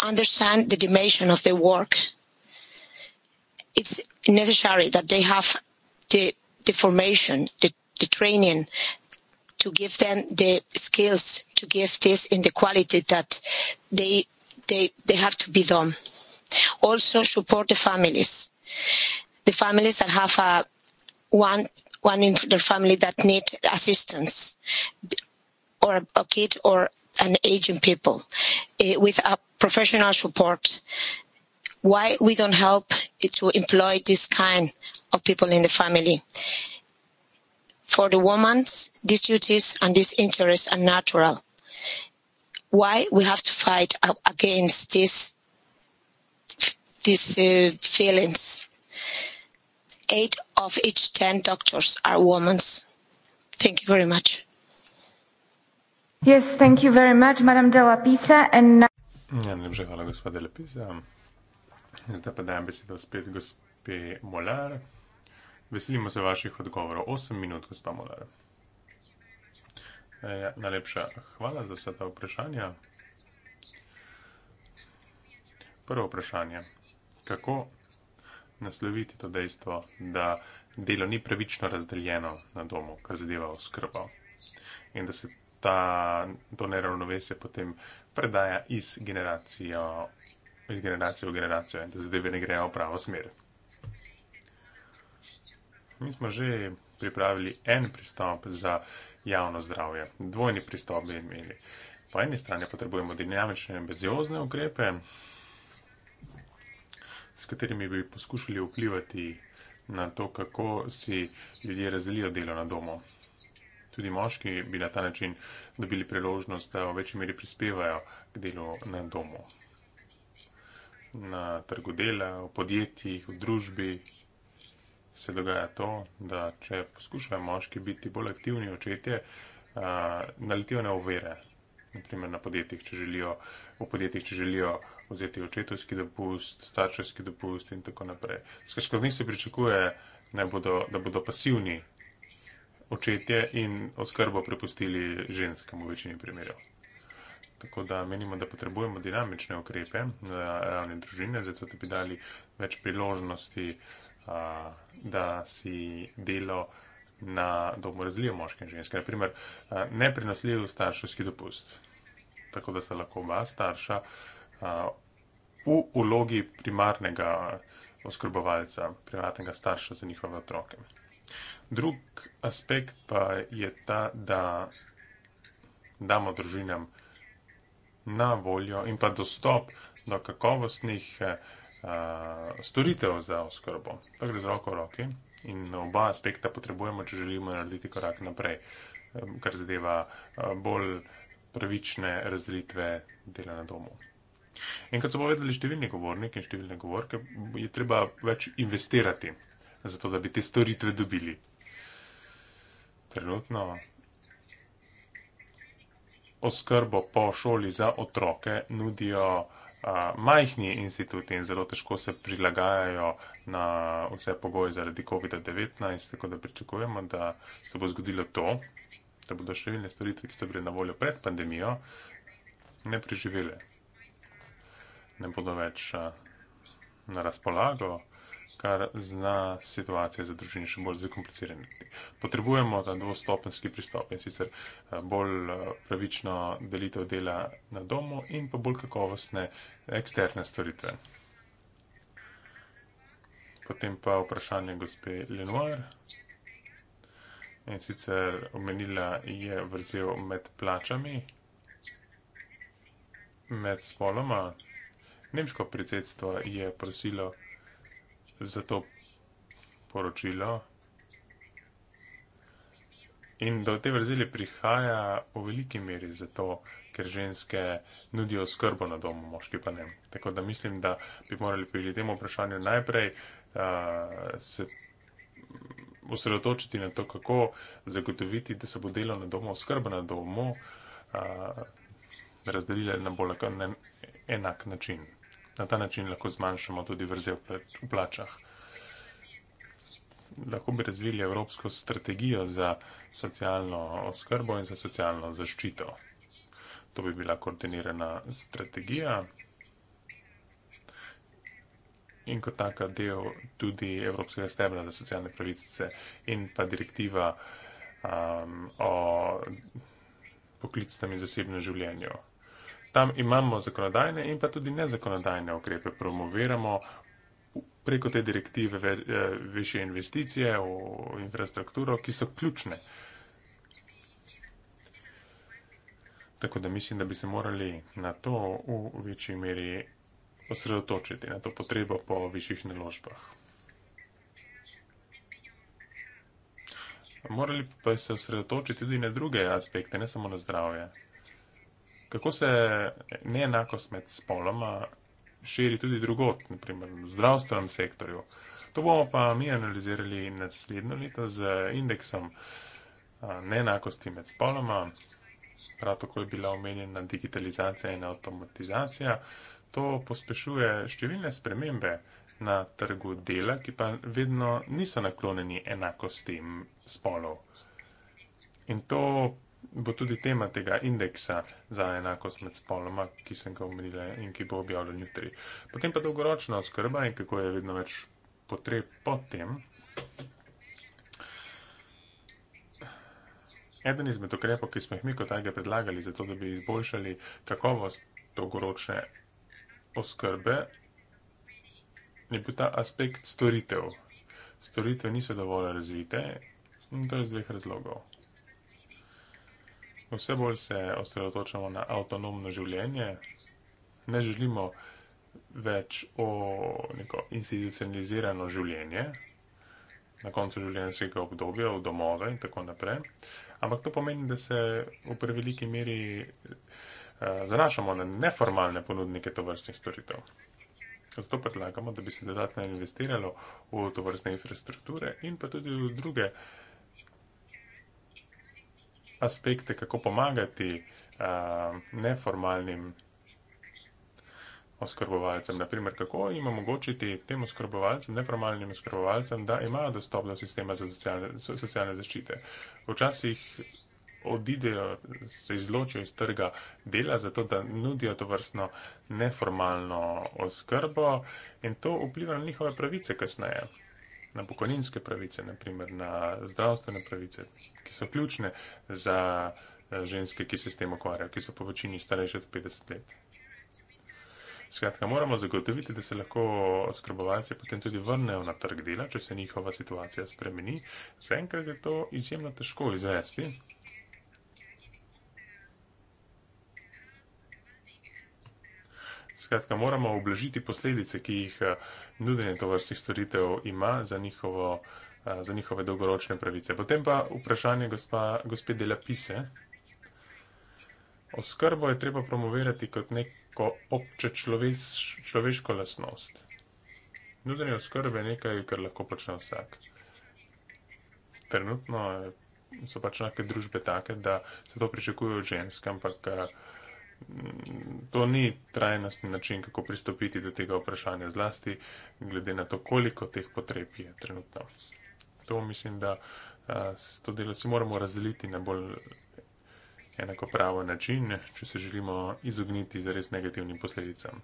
understand the dimension of their work. It's necessary that they have the, the formation, the, the training to give them the skills to give this in the quality that they, they, they have to be done. Also support the families, the families that have a, one, one in their family that need assistance or a, a kid or and aging people uh, with a professional support why we don't help to employ this kind of people in the family for the women these duties and these interests are natural why we have to fight against this these uh, feelings eight of each ten doctors are women thank you very much Yes, thank you very much, Madame de la Pisa. Ja, najlepša hvala, gospod de la Pisa. Zdaj pa dajem besedo spet gospe Molar. Veselimo se vaših odgovorov. 8 minut, gospa Molar. E, ja, najlepša hvala za vse ta vprašanja. Prvo vprašanje. Kako nasloviti to dejstvo, da delo ni pravično razdeljeno na domu, kar zadeva oskrbo in da se ta, to neravnovesje potem predaja iz generacijo, iz generacijo v generacijo in da zadeve ne grejo v pravo smer. Mi smo že pripravili en pristop za javno zdravje. Dvojni pristop bi imeli. Po eni strani potrebujemo dinamične in beziozne ukrepe, s katerimi bi poskušali vplivati na to, kako si ljudje razdelijo delo na domu tudi moški bi na ta način dobili priložnost, da v večji meri prispevajo k delu na domu, na trgu dela, v podjetjih, v družbi. Se dogaja to, da če poskušajo moški biti bolj aktivni očetje, naletijo na uvere. Naprimer na podjetjih, če želijo, v podjetjih, če želijo vzeti očetovski dopust, starševski dopust in tako naprej. Skratka, od njih se pričakuje, bodo, da bodo pasivni očetje in oskrbo prepustili ženskam v večini primerjev. Tako da menimo, da potrebujemo dinamične ukrepe na ravni družine, zato da bi dali več priložnosti, a, da si delo na domu razlijo moške in ženske. Naprimer, neprenosljiv starševski dopust. Tako da se lahko oba starša a, v ulogi primarnega oskrbovalca, primarnega starša za njihove otroke. Drug aspekt pa je ta, da damo družinam na voljo in pa dostop do kakovostnih uh, storitev za oskrbo. To gre z roko v roki in oba aspekta potrebujemo, če želimo narediti korak naprej, kar zadeva bolj pravične razdelitve dela na domu. In kot so povedali številni govorniki in številne govorke, je treba več investirati zato da bi te storitve dobili. Trenutno oskrbo po šoli za otroke nudijo a, majhni instituti in zelo težko se prilagajajo na vse pogoje zaradi COVID-19, tako da pričakujemo, da se bo zgodilo to, da bodo številne storitve, ki so bile na voljo pred pandemijo, ne preživele. Ne bodo več a, na razpolago kar zna situacije za družine še bolj zakomplicirane. Potrebujemo ta dvostopenski pristop in sicer eh, bolj eh, pravično delitev dela na domu in pa bolj kakovostne eksterne storitve. Potem pa vprašanje gospe Lenoir. In sicer omenila je vrzel med plačami, med spoloma. Nemško predsedstvo je prosilo za to poročilo. In do te vrzeli prihaja v veliki meri zato, ker ženske nudijo skrbo na domu, moški pa ne. Tako da mislim, da bi morali pri tem vprašanju najprej uh, se osredotočiti na to, kako zagotoviti, da se bo delo na domu, skrbo na domu uh, razdelila na bolj enak način na ta način lahko zmanjšamo tudi vrzel v plačah. Lahko bi razvili evropsko strategijo za socialno oskrbo in za socialno zaščito. To bi bila koordinirana strategija in kot taka del tudi Evropskega stebra za socialne pravice in pa direktiva um, o poklicnem in zasebnem življenju. Tam imamo zakonodajne in pa tudi nezakonodajne ukrepe. Promoviramo preko te direktive eh, više investicije v infrastrukturo, ki so ključne. Tako da mislim, da bi se morali na to v večji meri osredotočiti, na to potrebo po višjih naložbah. Morali pa se osredotočiti tudi na druge aspekte, ne samo na zdravje kako se neenakost med spoloma širi tudi drugot, naprimer v zdravstvenem sektorju. To bomo pa mi analizirali naslednjo leto z indeksom neenakosti med spoloma. Prav tako je bila omenjena digitalizacija in avtomatizacija. To pospešuje številne spremembe na trgu dela, ki pa vedno niso naklonjeni enakosti spolov. In to bo tudi tema tega indeksa za enakost med spoloma, ki sem ga omenila in ki bo objavljen jutri. Potem pa dolgoročna oskrba in kako je vedno več potreb po tem. Eden izmed ukrepov, ki smo jih mi kot tajge predlagali, zato da bi izboljšali kakovost dolgoročne oskrbe, je bil ta aspekt storitev. Storitve niso dovolj razvite in to je iz dveh razlogov. Vse bolj se osredotočamo na avtonomno življenje, ne želimo več o neko institucionalizirano življenje, na koncu življenjskega obdobja, v domove in tako naprej. Ampak to pomeni, da se v preveliki meri eh, zanašamo na neformalne ponudnike tovrstnih storitev. Zato predlagamo, da bi se dodatno investiralo v tovrstne infrastrukture in pa tudi v druge aspekte, kako pomagati uh, neformalnim oskrbovalcem. Naprimer, kako jim omogočiti tem oskrbovalcem, neformalnim oskrbovalcem, da imajo dostop do sistema za socialne, so, socialne zaščite. Včasih odidejo, se izločijo iz trga dela, zato da nudijo to vrstno neformalno oskrbo in to vpliva na njihove pravice kasneje na pokojninske pravice, naprimer, na zdravstvene pravice, ki so ključne za eh, ženske, ki se s tem okvarjajo, ki so po večini starejše od 50 let. Skratka, moramo zagotoviti, da se lahko skrbovalci potem tudi vrnejo na trg dela, če se njihova situacija spremeni. Zaenkrat je to izjemno težko izvesti, Skratka, moramo oblažiti posledice, ki jih eh, nudenje tovrstnih storitev ima za, njihovo, eh, za njihove dolgoročne pravice. Potem pa vprašanje gospe Delapise. Oskrbo je treba promovirati kot neko obče človeš, človeško lasnost. Nudenje oskrbe je nekaj, kar lahko počne vsak. Trenutno eh, so pač neke družbe take, da se to pričakuje od žensk, ampak uh, to ni trajnostni način, kako pristopiti do tega vprašanja zlasti, glede na to, koliko teh potreb je trenutno. To mislim, da s to delo si moramo razdeliti na bolj enakopravo način, če se želimo izogniti zares negativnim posledicam.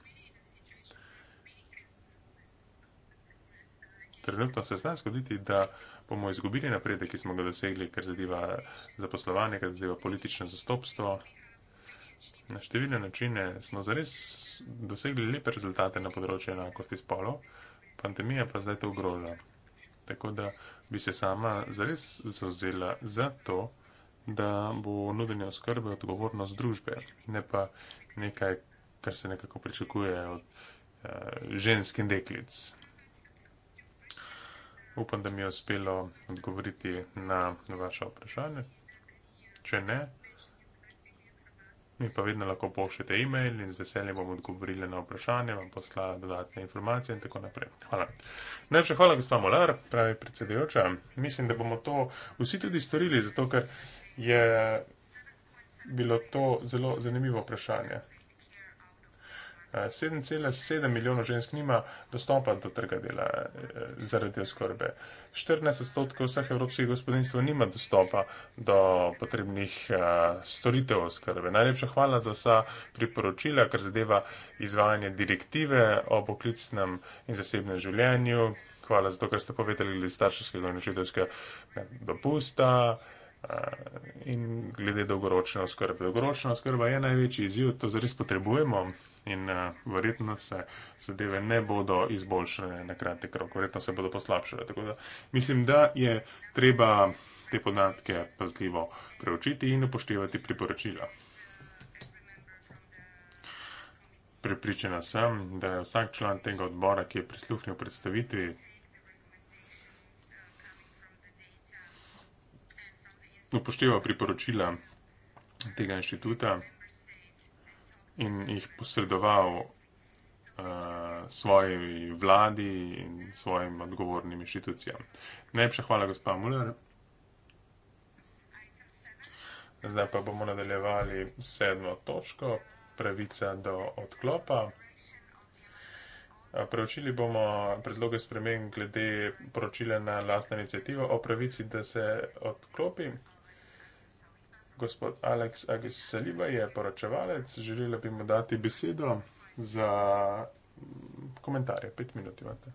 Trenutno se zna zgoditi, da bomo izgubili napredek, ki smo ga dosegli, kar zadeva zaposlovanje, kar zadeva politično zastopstvo, na številne načine smo zares dosegli lepe rezultate na področju enakosti spolov, pandemija pa zdaj to ogroža. Tako da bi se sama zares zauzela za to, da bo nudenje oskrbe odgovornost družbe, ne pa nekaj, kar se nekako pričakuje od eh, žensk in deklic. Upam, da mi je uspelo odgovoriti na vaše vprašanje. Če ne, mi pa vedno lahko pošljete e-mail in z veseljem bom odgovorila na vprašanje, vam poslala dodatne informacije in tako naprej. Hvala. Najlepša hvala, gospod Molar, pravi predsedujoča. Mislim, da bomo to vsi tudi storili, zato ker je bilo to zelo zanimivo vprašanje. 7,7 milijonov žensk nima dostopa do trga dela eh, zaradi oskrbe. 14 odstotkov vseh evropskih gospodinstv nima dostopa do potrebnih eh, storitev oskrbe. Najlepša hvala za vsa priporočila, kar zadeva izvajanje direktive o poklicnem in zasebnem življenju. Hvala za to, kar ste povedali glede starševskega in očetovskega eh, dopusta. In glede dolgoročne oskrbe. Dolgoročna oskrba je največji izziv, to zares potrebujemo. In uh, verjetno se zadeve ne bodo izboljšale na kratki rok, verjetno se bodo poslabšale. Da, mislim, da je treba te podatke pazljivo preučiti in upoštevati priporočila. Pripričana sem, da je vsak član tega odbora, ki je prisluhnil predstavitvi, upošteval priporočila tega inštituta in jih posredoval uh, svoji vladi in svojim odgovornim inštitucijam. Najlepša hvala, gospod Muller. Zdaj pa bomo nadaljevali sedmo točko, pravica do odklopa. Eh, preučili bomo predloge spremen glede poročila na lastno inicijativo o pravici, da se odklopim gospod Aleks Agis Saliba je poročevalec. Želela bi mu dati besedo za mm, komentarje. Pet minut imate.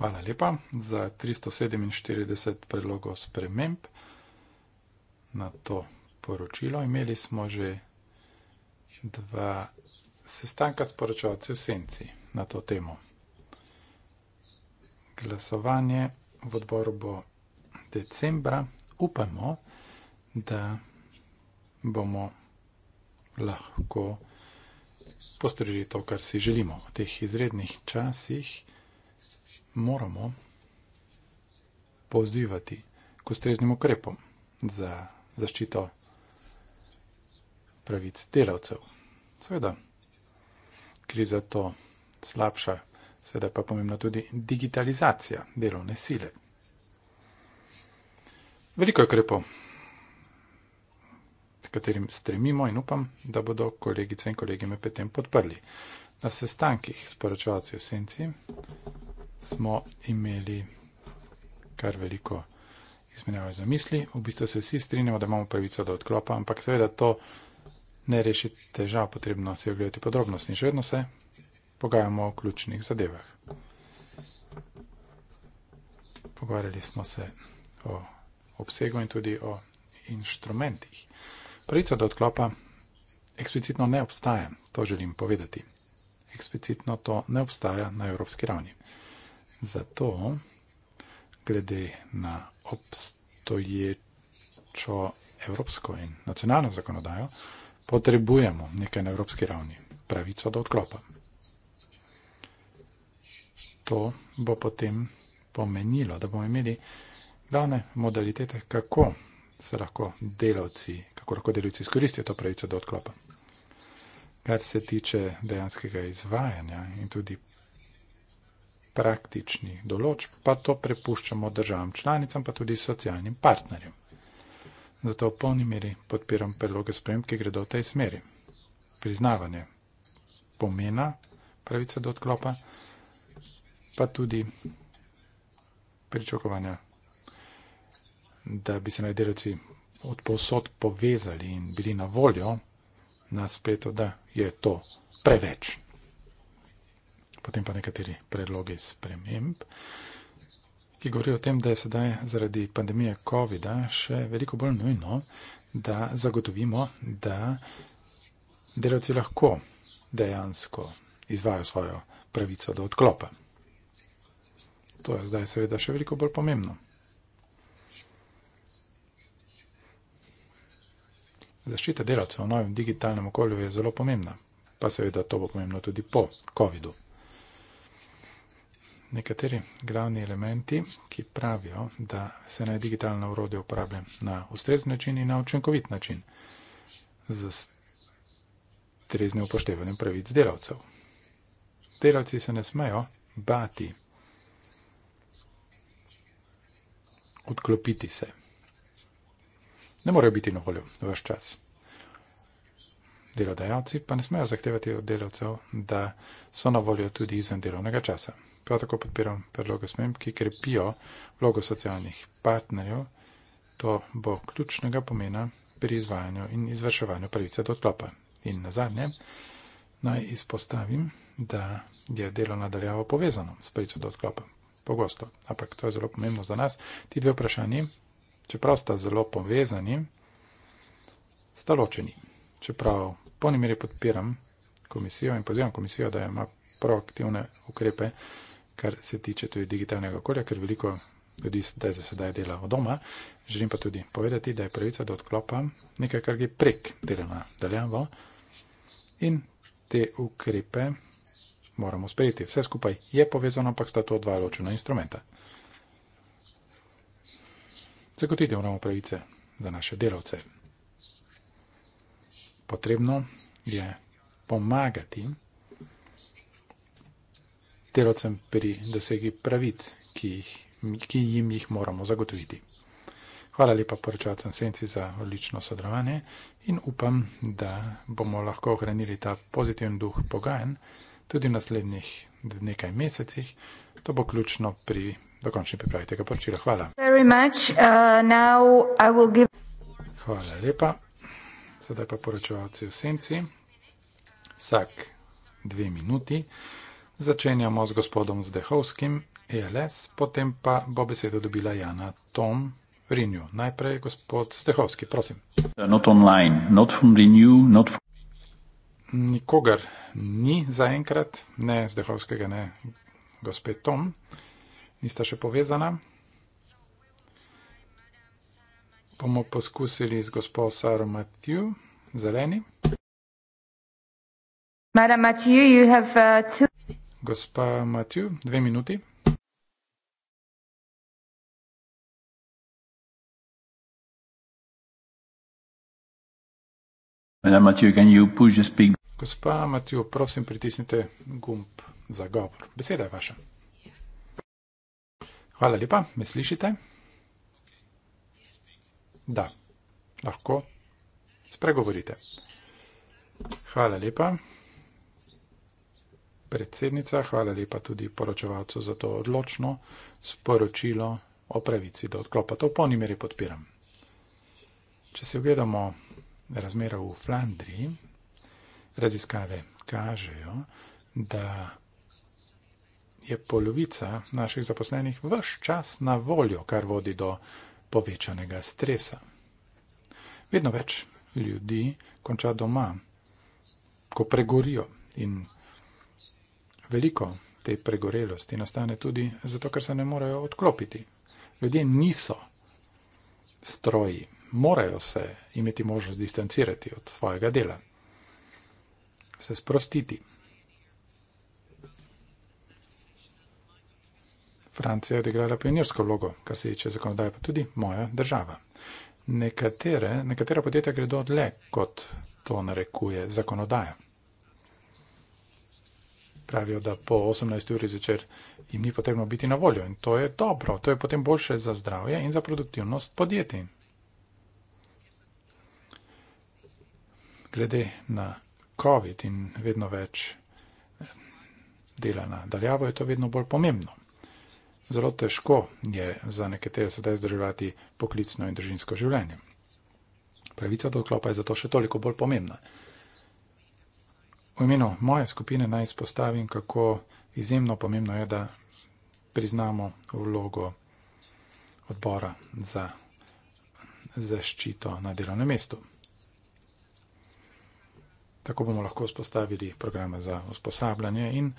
Hvala lepa za 347 predlogov sprememb na to poročilo. Imeli smo že dva sestanka s poročevalci v senci na to temo glasovanje v odboru bo decembra. Upamo, da bomo lahko postorili to, kar si želimo. V teh izrednih časih moramo pozivati k ustreznim ukrepom za zaščito pravic delavcev. Seveda, kriza to slabša seveda pa pomembna tudi digitalizacija delovne sile. Veliko je krepo, v katerim stremimo in upam, da bodo kolegice in kolegi me potem podprli. Na sestankih s poročevalci v senci smo imeli kar veliko izmenjave za misli. V bistvu se vsi strinjamo, da imamo pravico do odklopa, ampak seveda to ne reši težav, potrebno si ogledati podrobnosti in še vedno se pogajamo o ključnih zadevah. Pogovarjali smo se o obsegu in tudi o inštrumentih. Pravica do odklopa eksplicitno ne obstaja, to želim povedati. Eksplicitno to ne obstaja na evropski ravni. Zato, glede na obstoječo evropsko in nacionalno zakonodajo, potrebujemo nekaj na evropski ravni, pravico do odklopa to bo potem pomenilo, da bomo imeli glavne modalitete, kako se lahko delavci, kako lahko delavci izkoristijo to pravico do odklopa. Kar se tiče dejanskega izvajanja in tudi praktični določ, pa to prepuščamo državam članicam, pa tudi socialnim partnerjem. Zato v polni meri podpiram predloge sprem, ki gredo v tej smeri. Priznavanje pomena pravice do odklopa pa tudi pričakovanja, da bi se naj delavci od posod povezali in bili na voljo na spletu, da je to preveč. Potem pa nekateri predlogi sprememb, ki govorijo o tem, da je sedaj zaradi pandemije COVID-a še veliko bolj nujno, da zagotovimo, da delavci lahko dejansko izvajo svojo pravico do odklopa. To je zdaj seveda še veliko bolj pomembno. Zaščita delavcev v novem digitalnem okolju je zelo pomembna, pa seveda to bo pomembno tudi po COVID-u. Nekateri glavni elementi, ki pravijo, da se naj digitalne urodje uporablja na ustrezen način in na učinkovit način, z ustreznim upoštevanjem pravic delavcev. Delavci se ne smejo bati odklopiti se. Ne morejo biti na voljo vse čas. Delodajalci pa ne smejo zahtevati od delavcev, da so na voljo tudi izven delovnega časa. Prav tako podpiram predloge smem, ki krepijo vlogo socialnih partnerjev. To bo ključnega pomena pri izvajanju in izvrševanju pravice do odklopa. In na zadnje, naj izpostavim, da je delo nadaljavo povezano s pravico do odklopa pogosto, ampak to je zelo pomembno za nas. Ti dve vprašanji, čeprav sta zelo povezani, sta ločeni. Čeprav po nemiri podpiram komisijo in pozivam komisijo, da ima proaktivne ukrepe, kar se tiče tudi digitalnega okolja, ker veliko ljudi sedaj dela od doma, želim pa tudi povedati, da je pravica do odklopa nekaj, kar gre prek delovna daljavo in te ukrepe moramo sprejeti. Vse skupaj je povezano, ampak sta to dva ločena instrumenta. Zagotiti moramo pravice za naše delavce. Potrebno je pomagati delavcem pri dosegi pravic, ki, jih, ki jim jih moramo zagotoviti. Hvala lepa poročavcem Senci za odlično sodelovanje in upam, da bomo lahko ohranili ta pozitiven duh pogajanj tudi v naslednjih nekaj mesecih. To bo ključno pri dokončni pripravi tega poročila. Hvala. Uh, give... Hvala lepa. Sedaj pa poročevalci v senci. Vsak dve minuti začenjamo z gospodom Zdehovskim, ELS, potem pa bo besedo dobila Jana Tom. Renew. Najprej gospod Stehovski, prosim. Uh, not online, not from Renew, not from nikogar ni zaenkrat, ne Zdehovskega, ne gospe Tom, nista še povezana. Bomo poskusili z gospo Saro Matiju, zeleni. Madame Mathieu, you have uh, two. Gospa Mathieu, dve minuti. Gospa Matijo, prosim, pritisnite gumb za govor. Beseda je vaša. Hvala lepa, me slišite? Da, lahko spregovorite. Hvala lepa, predsednica, hvala lepa tudi poročevalcu za to odločno sporočilo o pravici do odklopa. To v polni meri podpiram. Če si ogledamo razmera v Flandriji, raziskave kažejo, da je polovica naših zaposlenih vse čas na voljo, kar vodi do povečanega stresa. Vedno več ljudi konča doma, ko pregorijo in veliko te pregorelosti nastane tudi zato, ker se ne morejo odklopiti. Ljudje niso stroji morajo se imeti možnost distancirati od svojega dela, se sprostiti. Francija je odigrala pionirsko vlogo, kar se tiče zakonodaje, pa tudi moja država. Nekatere, nekatera podjetja gredo dlje, kot to narekuje zakonodaja. Pravijo, da po 18 uri zvečer jim ni potrebno biti na voljo in to je dobro, to je potem boljše za zdravje in za produktivnost podjetij. glede na COVID in vedno več eh, dela na daljavo, je to vedno bolj pomembno. Zelo težko je za nekatere sedaj zdržati poklicno in družinsko življenje. Pravica do odklopa je zato še toliko bolj pomembna. V imenu moje skupine naj izpostavim, kako izjemno pomembno je, da priznamo vlogo odbora za zaščito na delovnem mestu. Tako bomo lahko vzpostavili programe za usposabljanje in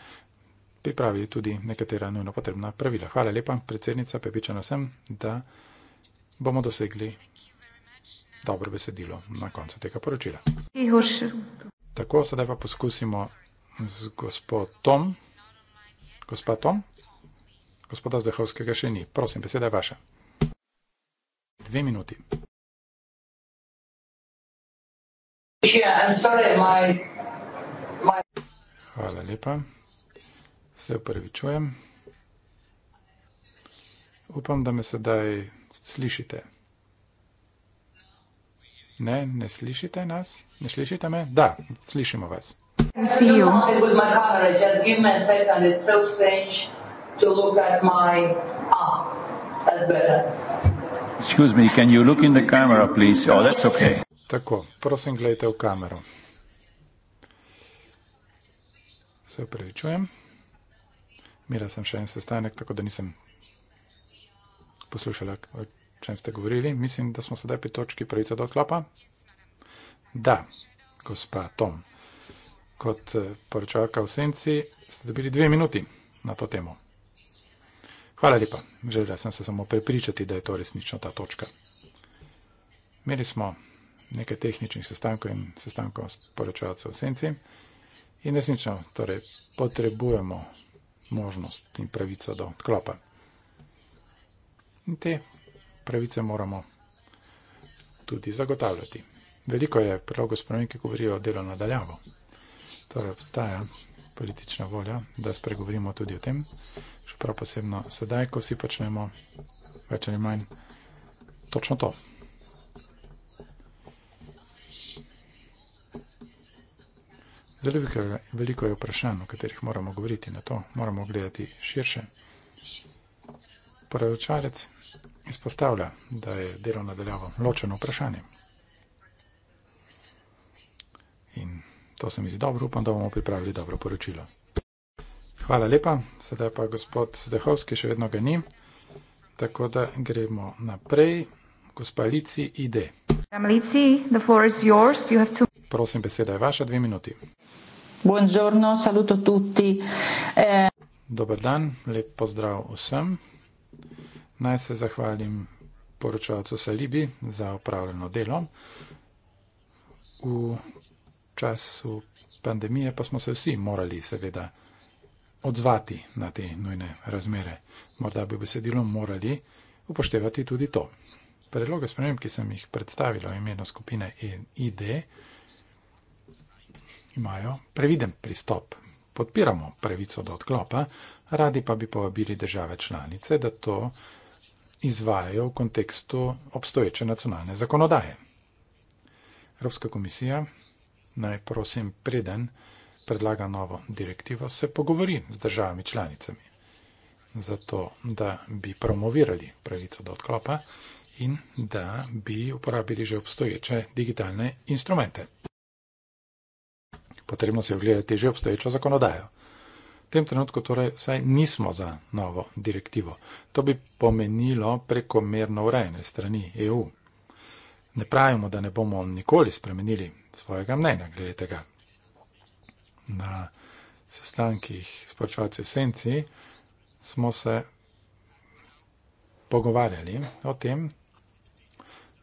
pripravili tudi nekatera nujno potrebna pravila. Hvala lepa, predsednica, pepičena sem, da bbomo dosegli dobro besedilo na koncu tega poročila. Tako, sedaj pa poskusimo z gospodom. Gospod Tom? Gospoda Zdehovskega še ni. Prosim, beseda je vaša. Dve minuti. Hvala lepa. Se upravičujem. Upam, da me sedaj slišite. Ne, ne slišite nas? Ne slišite me? Da, slišimo vas. Ah, Excuse me, can you look in the camera, please? Oh, that's okay. Tako, prosim, gledajte v kamero. Se prečujem. Mira sem še en sestanek, tako da nisem poslušala, o čem ste govorili. Mislim, da smo sedaj pri točki pravica do odklapa. Da, gospa Tom, kot eh, poročavka v senci ste dobili dve minuti na to temo. Hvala lepa. Želela sem se samo prepričati, da je to resnično ta točka. Imeli smo nekaj tehničnih sestankov in sestankov s poročevalcev v senci. In resnično, torej potrebujemo možnost in pravico do odklopa. In te pravice moramo tudi zagotavljati. Veliko je predlogov sprememb, ki govorijo o delu nadaljavo. Torej obstaja politična volja, da spregovorimo tudi o tem, še prav posebno sedaj, ko vsi počnemo več ali manj točno to. Zelo veliko je vprašanj, o katerih moramo govoriti na to, moramo gledati širše. Poravčalec izpostavlja, da je delo nadaljavo ločeno vprašanje. In to se mi zdi dobro, upam, da bomo pripravili dobro poročilo. Hvala lepa, sedaj pa gospod Zdehovski, še vedno ga ni, tako da gremo naprej. Gospa Lici ide. Lici, the floor is yours. You have to... Prosim, beseda je vaša, dve minuti. Buongiorno, saluto tutti. Eh... Dober dan, lep pozdrav vsem. Naj se zahvalim poročevalcu Salibi za upravljeno delo. V času pandemije pa smo se vsi morali seveda odzvati na te nujne razmere. Morda bi besedilo morali upoštevati tudi to. Predloge sprememb, ki sem jih predstavila v imenu skupine ID, imajo previden pristop. Podpiramo pravico do odklopa, radi pa bi povabili države članice, da to izvajajo v kontekstu obstoječe nacionalne zakonodaje. Evropska komisija naj prosim preden predlaga novo direktivo, se pogovori z državami članicami za to, da bi promovirali pravico do odklopa in da bi uporabili že obstoječe digitalne instrumente potrebno se ogledati že obstoječo zakonodajo. V tem trenutku torej vsaj nismo za novo direktivo. To bi pomenilo prekomerno urejene strani EU. Ne pravimo, da ne bomo nikoli spremenili svojega mnenja glede tega. Na sestankih s počvalci v senci smo se pogovarjali o tem,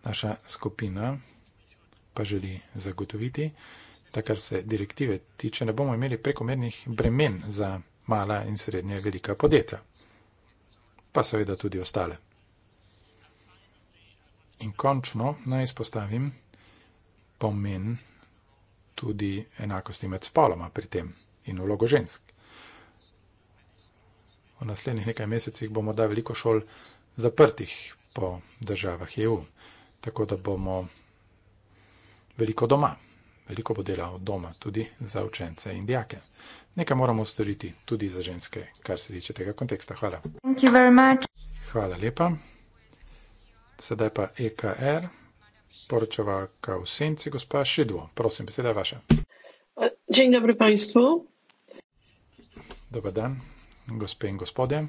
naša skupina pa želi zagotoviti, da kar se direktive tiče, ne bomo imeli prekomernih bremen za mala in srednja velika podjetja. Pa seveda tudi ostale. In končno naj izpostavim pomen tudi enakosti med spoloma pri tem in vlogo žensk. V naslednjih nekaj mesecih bo morda veliko šol zaprtih po državah EU, tako da bomo veliko doma. Veliko bo dela od doma, tudi za učence in dijake. Nekaj moramo storiti tudi za ženske, kar se tiče tega konteksta. Hvala. Hvala lepa. Sedaj pa EKR, poročavaka v senci, gospa Šidvo. Prosim, beseda je vaša. Dzień dobry państwu. Dobar dan, gospe in gospodje.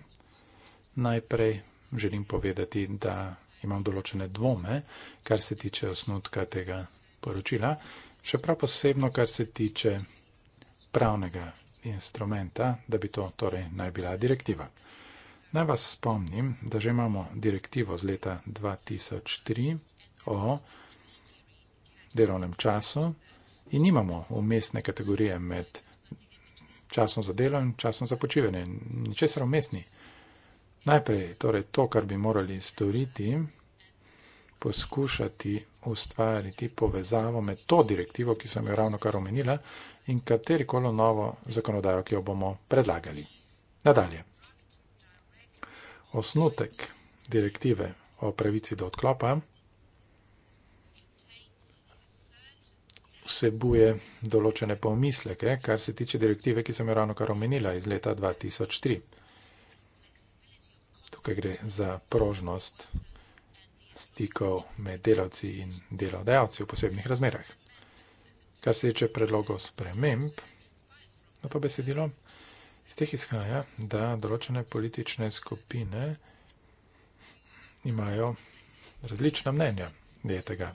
Najprej želim povedati, da imam določene dvome, kar se tiče osnutka tega poročila. Še prav posebno, kar se tiče pravnega instrumenta, da bi to torej naj bila direktiva. Naj vas spomnim, da že imamo direktivo z leta 2003 o delovnem času in nimamo umestne kategorije med časom za delo in časom za počivanje. Ničesar umestni. Najprej torej to, kar bi morali storiti, poskušati ustvariti povezavo med to direktivo, ki sem jo ravno kar omenila, in katerikoli novo zakonodajo, ki jo bomo predlagali. Nadalje. Osnutek direktive o pravici do odklopa vsebuje določene pomisleke, kar se tiče direktive, ki sem jo ravno kar omenila iz leta 2003. Tukaj gre za prožnost stikov med delavci in delodajalci v posebnih razmerah. Kar se tiče predlogov sprememb na to besedilo, iz teh izhaja, da določene politične skupine imajo različna mnenja glede tega.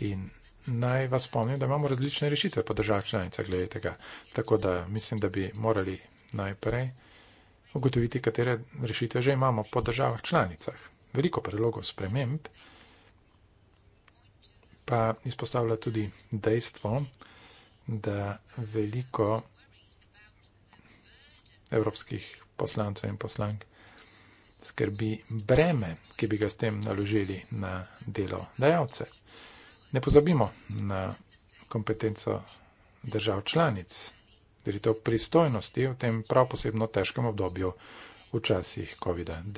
In naj vas spomnim, da imamo različne rešitve po državah članicah glede tega. Tako da mislim, da bi morali najprej ugotoviti, katere rešitve že imamo po državah članicah veliko predlogov sprememb, pa izpostavlja tudi dejstvo, da veliko evropskih poslancev in poslank skrbi breme, ki bi ga s tem naložili na delo dajalce. Ne pozabimo na kompetenco držav članic, da je to pristojnosti v tem prav posebno težkem obdobju v časih COVID-19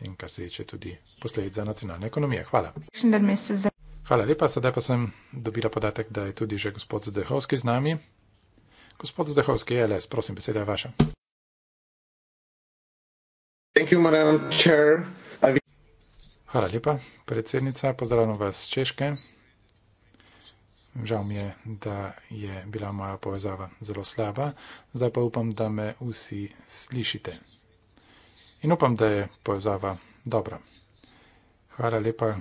in kar se tiče tudi posledica nacionalne ekonomije. Hvala. Hvala lepa, sedaj pa sem dobila podatek, da je tudi že gospod Zdehovski z nami. Gospod Zdehovski, LS, prosim, beseda je vaša. Hvala lepa, predsednica, pozdravljam vas Češke. Žal mi je, da je bila moja povezava zelo slaba, zdaj pa upam, da me vsi slišite in upam, da je povezava dobra. Hvala lepa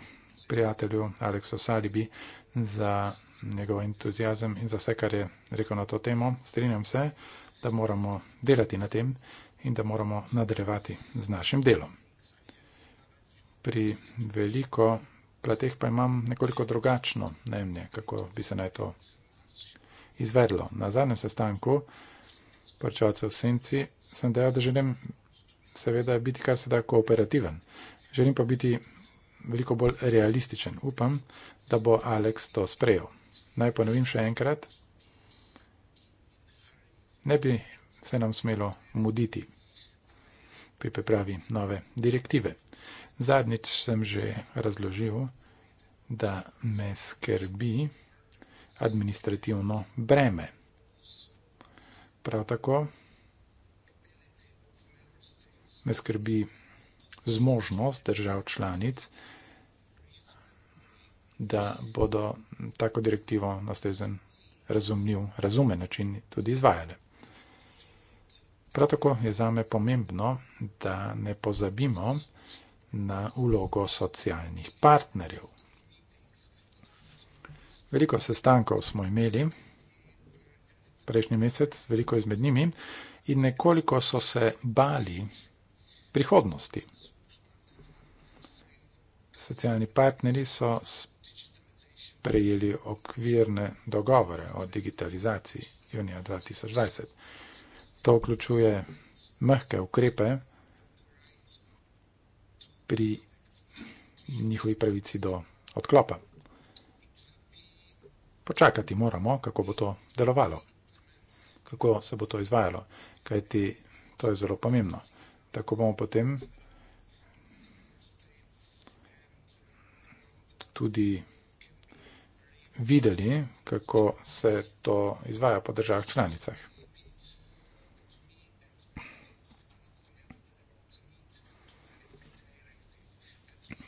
prijatelju Aleksu Salibi za njegov entuzijazem in za vse, kar je rekel na to temo. Strinjam se, da moramo delati na tem in da moramo nadaljevati z našim delom. Pri veliko plateh pa imam nekoliko drugačno mnenje, kako bi se naj to izvedlo. Na zadnjem sestanku poročevalcev v Senci sem dejal, da želim seveda biti kar se da kooperativen. Želim pa biti veliko bolj realističen. Upam, da bo Aleks to sprejel. Naj ponovim še enkrat. Ne bi se nam smelo muditi pri pripravi nove direktive. Zadnjič sem že razložil, da me skrbi administrativno breme. Prav tako me skrbi zmožnost držav članic, da bodo tako direktivo na stezen razumljiv, razumen način tudi izvajale. Prav tako je zame pomembno, da ne pozabimo na ulogo socialnih partnerjev. Veliko sestankov smo imeli prejšnji mesec, veliko izmed njimi, in nekoliko so se bali prihodnosti. Socialni partneri so prejeli okvirne dogovore o digitalizaciji junija 2020. To vključuje mehke ukrepe pri njihovi pravici do odklopa. Počakati moramo, kako bo to delovalo, kako se bo to izvajalo, kajti to je zelo pomembno tako bomo potem tudi videli, kako se to izvaja po državah članicah.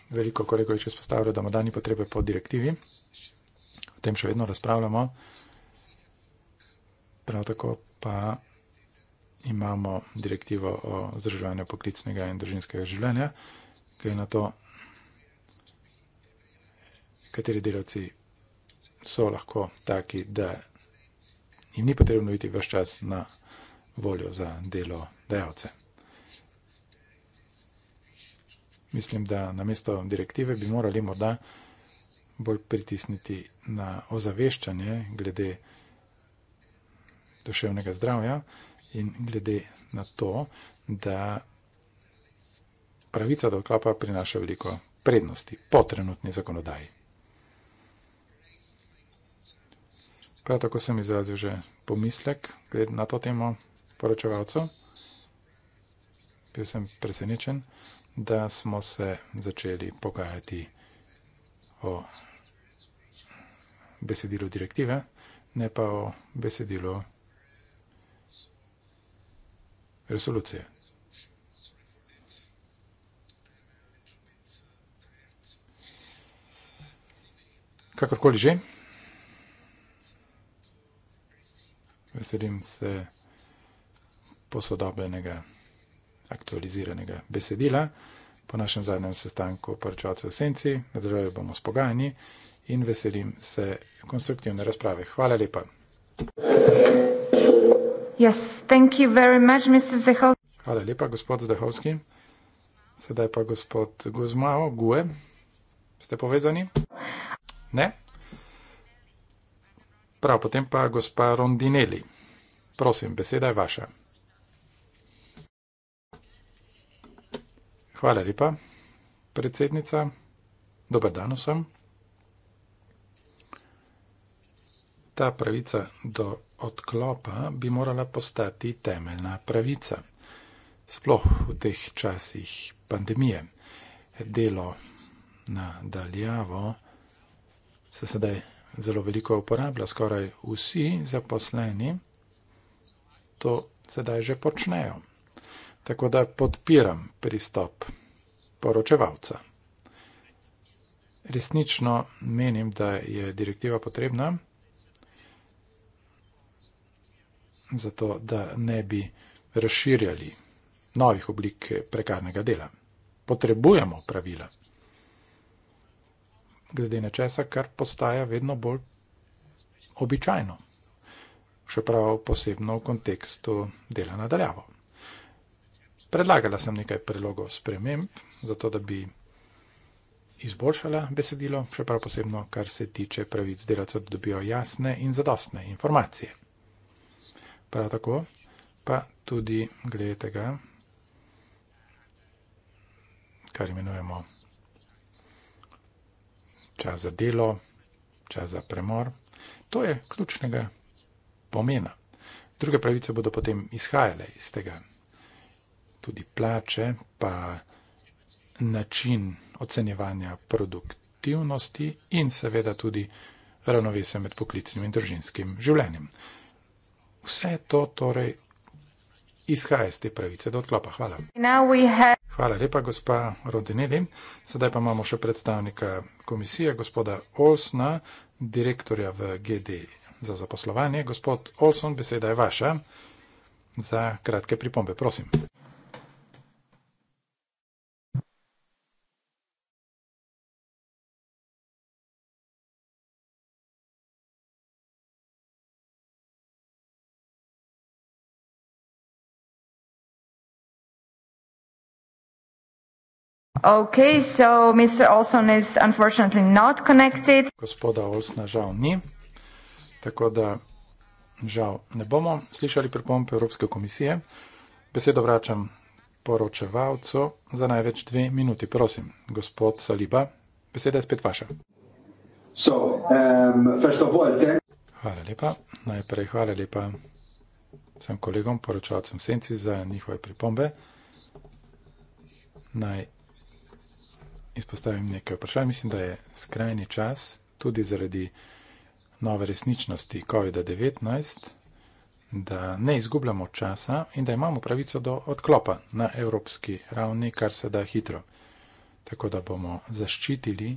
Veliko kolegov je še spostavljalo, da ima dani potrebe po direktivi. O tem še vedno razpravljamo. Prav tako pa imamo direktivo o zdržovanju poklicnega in družinskega življenja, ki je na to, kateri delavci so lahko taki, da jim ni potrebno iti vse čas na voljo za delo dejavce. Mislim, da namesto direktive bi morali morda bolj pritisniti na ozaveščanje glede duševnega zdravja. In glede na to, da pravica do odklapa prinaša veliko prednosti po trenutni zakonodaji. Prav tako sem izrazil že pomislek glede na to temo poročevalcev. Bil sem presenečen, da smo se začeli pogajati o besedilu direktive, ne pa o besedilu direktive resolucije. Kakorkoli že, veselim se posodobljenega, aktualiziranega besedila. Po našem zadnjem sestanku poročevalcev v senci, nadaljujemo bomo s pogajanji in veselim se konstruktivne razprave. Hvala lepa. Hvala. Yes, thank you very much, Mr. Zdechovski. Hvala lepa, gospod Zdechovski. Sedaj pa gospod Guzmao, Gue. Ste povezani? Ne? Prav, potem pa gospa Rondinelli. Prosim, beseda je vaša. Hvala lepa, predsednica. Dober dan vsem. Ta pravica do odklopa bi morala postati temeljna pravica. Sploh v teh časih pandemije. Delo na daljavo se sedaj zelo veliko uporablja, skoraj vsi zaposleni to sedaj že počnejo. Tako da podpiram pristop poročevalca. Resnično menim, da je direktiva potrebna. zato da ne bi razširjali novih oblik eh, prekarnega dela. Potrebujemo pravila, glede na česa, kar postaja vedno bolj običajno, še prav posebno v kontekstu dela nadaljavo. Predlagala sem nekaj predlogov sprememb, zato da bi izboljšala besedilo, še prav posebno, kar se tiče pravic delavcev, da dobijo jasne in zadostne informacije prav tako pa tudi glede tega, kar imenujemo čas za delo, čas za premor. To je ključnega pomena. Druge pravice bodo potem izhajale iz tega. Tudi plače, pa način ocenjevanja produktivnosti in seveda tudi ravnovesje med poklicnim in družinskim življenjem. Vse to torej izhaja iz te pravice do odklopa. Hvala. Hvala lepa, gospa Rodinelli. Sedaj pa imamo še predstavnika komisije, gospoda Olsna, direktorja v GD za zaposlovanje. Gospod Olson, beseda je vaša za kratke pripombe. Prosim. Okay, so Mr. Olson is unfortunately not connected. Gospoda Olsna žal ni, tako da žal ne bomo slišali pripombe Evropske komisije. Besedo vračam poročevalcu za največ dve minuti. Prosim, gospod Saliba, beseda je spet vaša. So, um, all, then... Hvala lepa. Najprej hvala lepa sem kolegom, poročevalcem Senci za njihove pripombe. Naj izpostavim nekaj vprašanj. Mislim, da je skrajni čas tudi zaradi nove resničnosti COVID-19, da ne izgubljamo časa in da imamo pravico do odklopa na evropski ravni, kar se da hitro. Tako da bomo zaščitili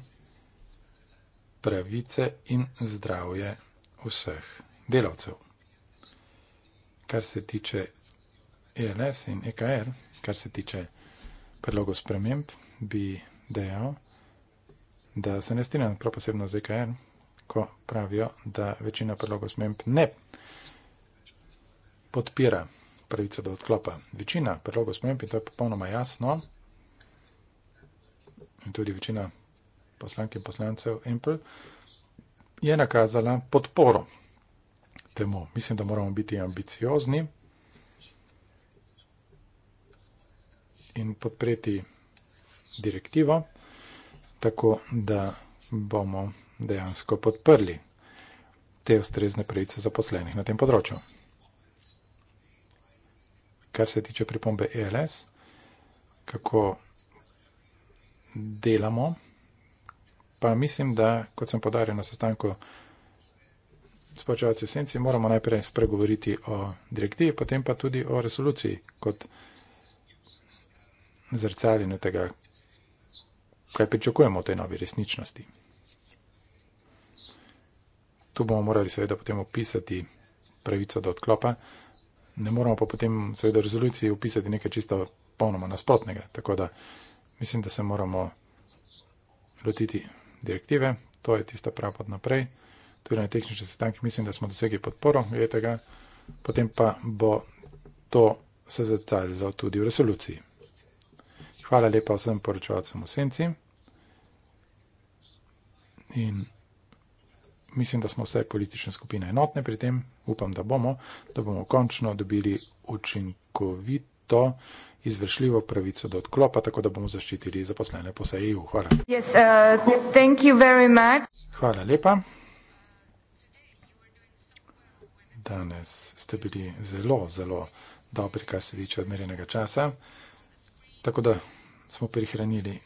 pravice in zdravje vseh delavcev. Kar se tiče ELS in EKR, kar se tiče predlogov sprememb, bi dejal, da se ne strinjam, prav posebno z EKN, ko pravijo, da večina predlogov smemb ne podpira pravico do odklopa. Večina predlogov smemb, in to je popolnoma jasno, in tudi večina poslank in poslancev Apple, je nakazala podporo temu. Mislim, da moramo biti ambiciozni. In podpreti direktivo, tako da bomo dejansko podprli te ustrezne pravice zaposlenih na tem področju. Kar se tiče pripombe ELS, kako delamo, pa mislim, da, kot sem podaril na sestanku s počevalci senci, moramo najprej spregovoriti o direktivi, potem pa tudi o resoluciji kot zrcaljenju tega, kaj pričakujemo v tej novi resničnosti. Tu bomo morali seveda potem opisati pravico do odklopa, ne moramo pa potem seveda v rezoluciji opisati nekaj čisto polnoma nasprotnega. Tako da mislim, da se moramo lotiti direktive, to je tista prava pot naprej. Tudi na tehničnih sestankih mislim, da smo dosegli podporo, glede tega, potem pa bo to se zrcalilo tudi v resoluciji. Hvala lepa vsem poročevalcem v senci. In mislim, da smo vse politične skupine enotne pri tem. Upam, da bomo, da bomo končno dobili učinkovito izvršljivo pravico do odklopa, tako da bomo zaščitili zaposlene po vsej EU. Hvala. Yes, uh, Hvala lepa. Danes ste bili zelo, zelo dobri, kar se tiče odmerjenega časa. Tako da smo prihranili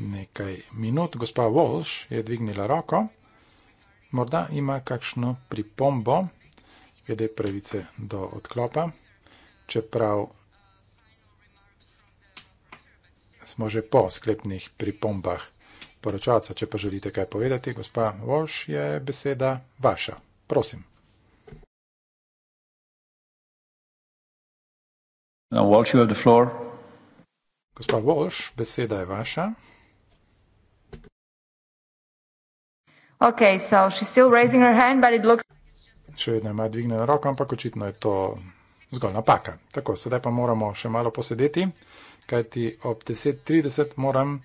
nekaj minut. Gospa Walsh je dvignila roko. Morda ima kakšno pripombo glede pravice do odklopa, čeprav smo že po sklepnih pripombah poročalca. Če pa želite kaj povedati, gospa Walsh, je beseda vaša. Prosim. Now, Walsh, you have the floor. Gospa Volš, beseda je vaša. Okay, so she's still raising her hand, but it looks. Še vedno ima dvignjeno roko, ampak očitno je to zgolj napaka. Tako, sedaj pa moramo še malo posedeti, kajti ob 10:30 moram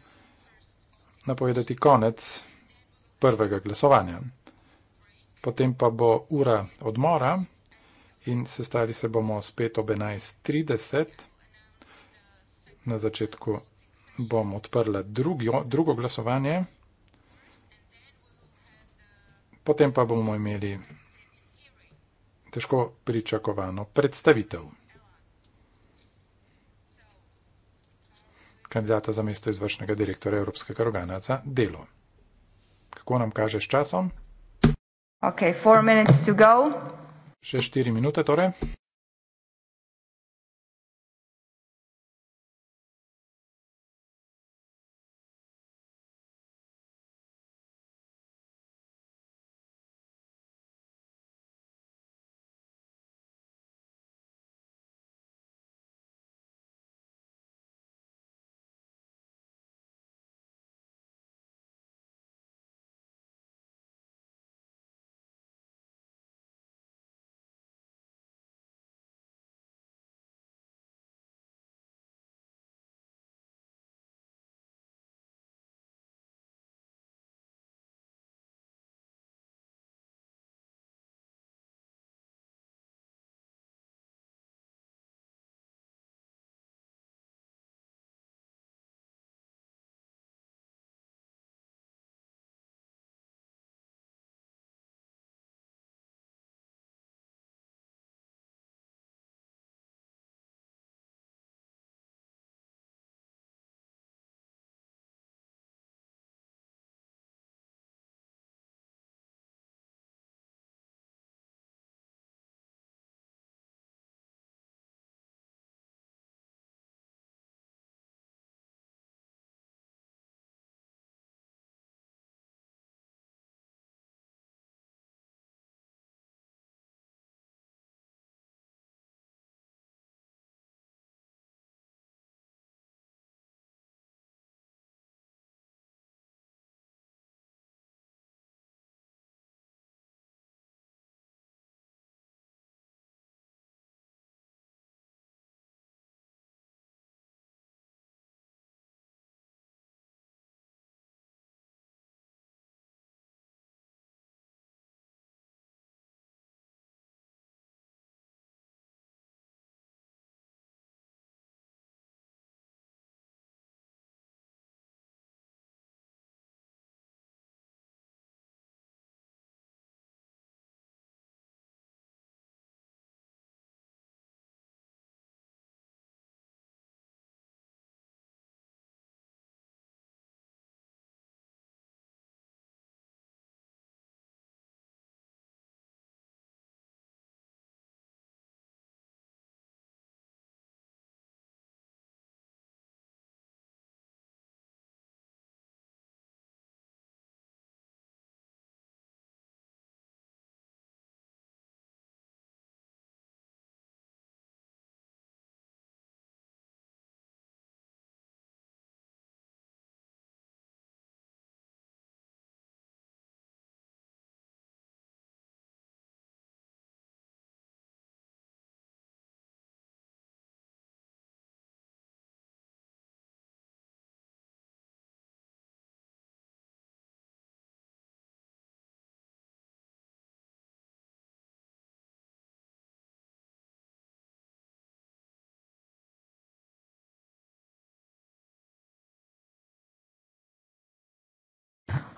napovedati konec prvega glasovanja. Potem pa bo ura odmora in sestali se bomo spet ob 11:30 na začetku bom odprla drugo, drugo glasovanje, potem pa bomo imeli težko pričakovano predstavitev. Kandidata za mesto izvršnega direktora Evropskega organa za delo. Kako nam kažeš časom? Ok, 4 minutes to go. Še 4 minute torej.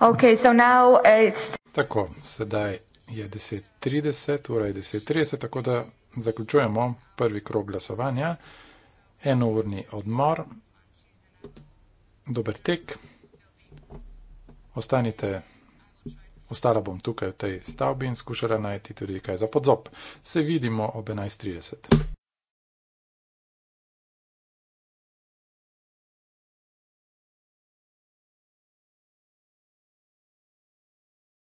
Okay, so now uh, it's... Tako, sedaj je 10.30, ura je 10.30, tako da zaključujemo prvi krok glasovanja. Enourni odmor, dober tek. Ostanite, ostala bom tukaj v tej stavbi in skušala najti tudi kaj za podzob. Se vidimo ob 11.30.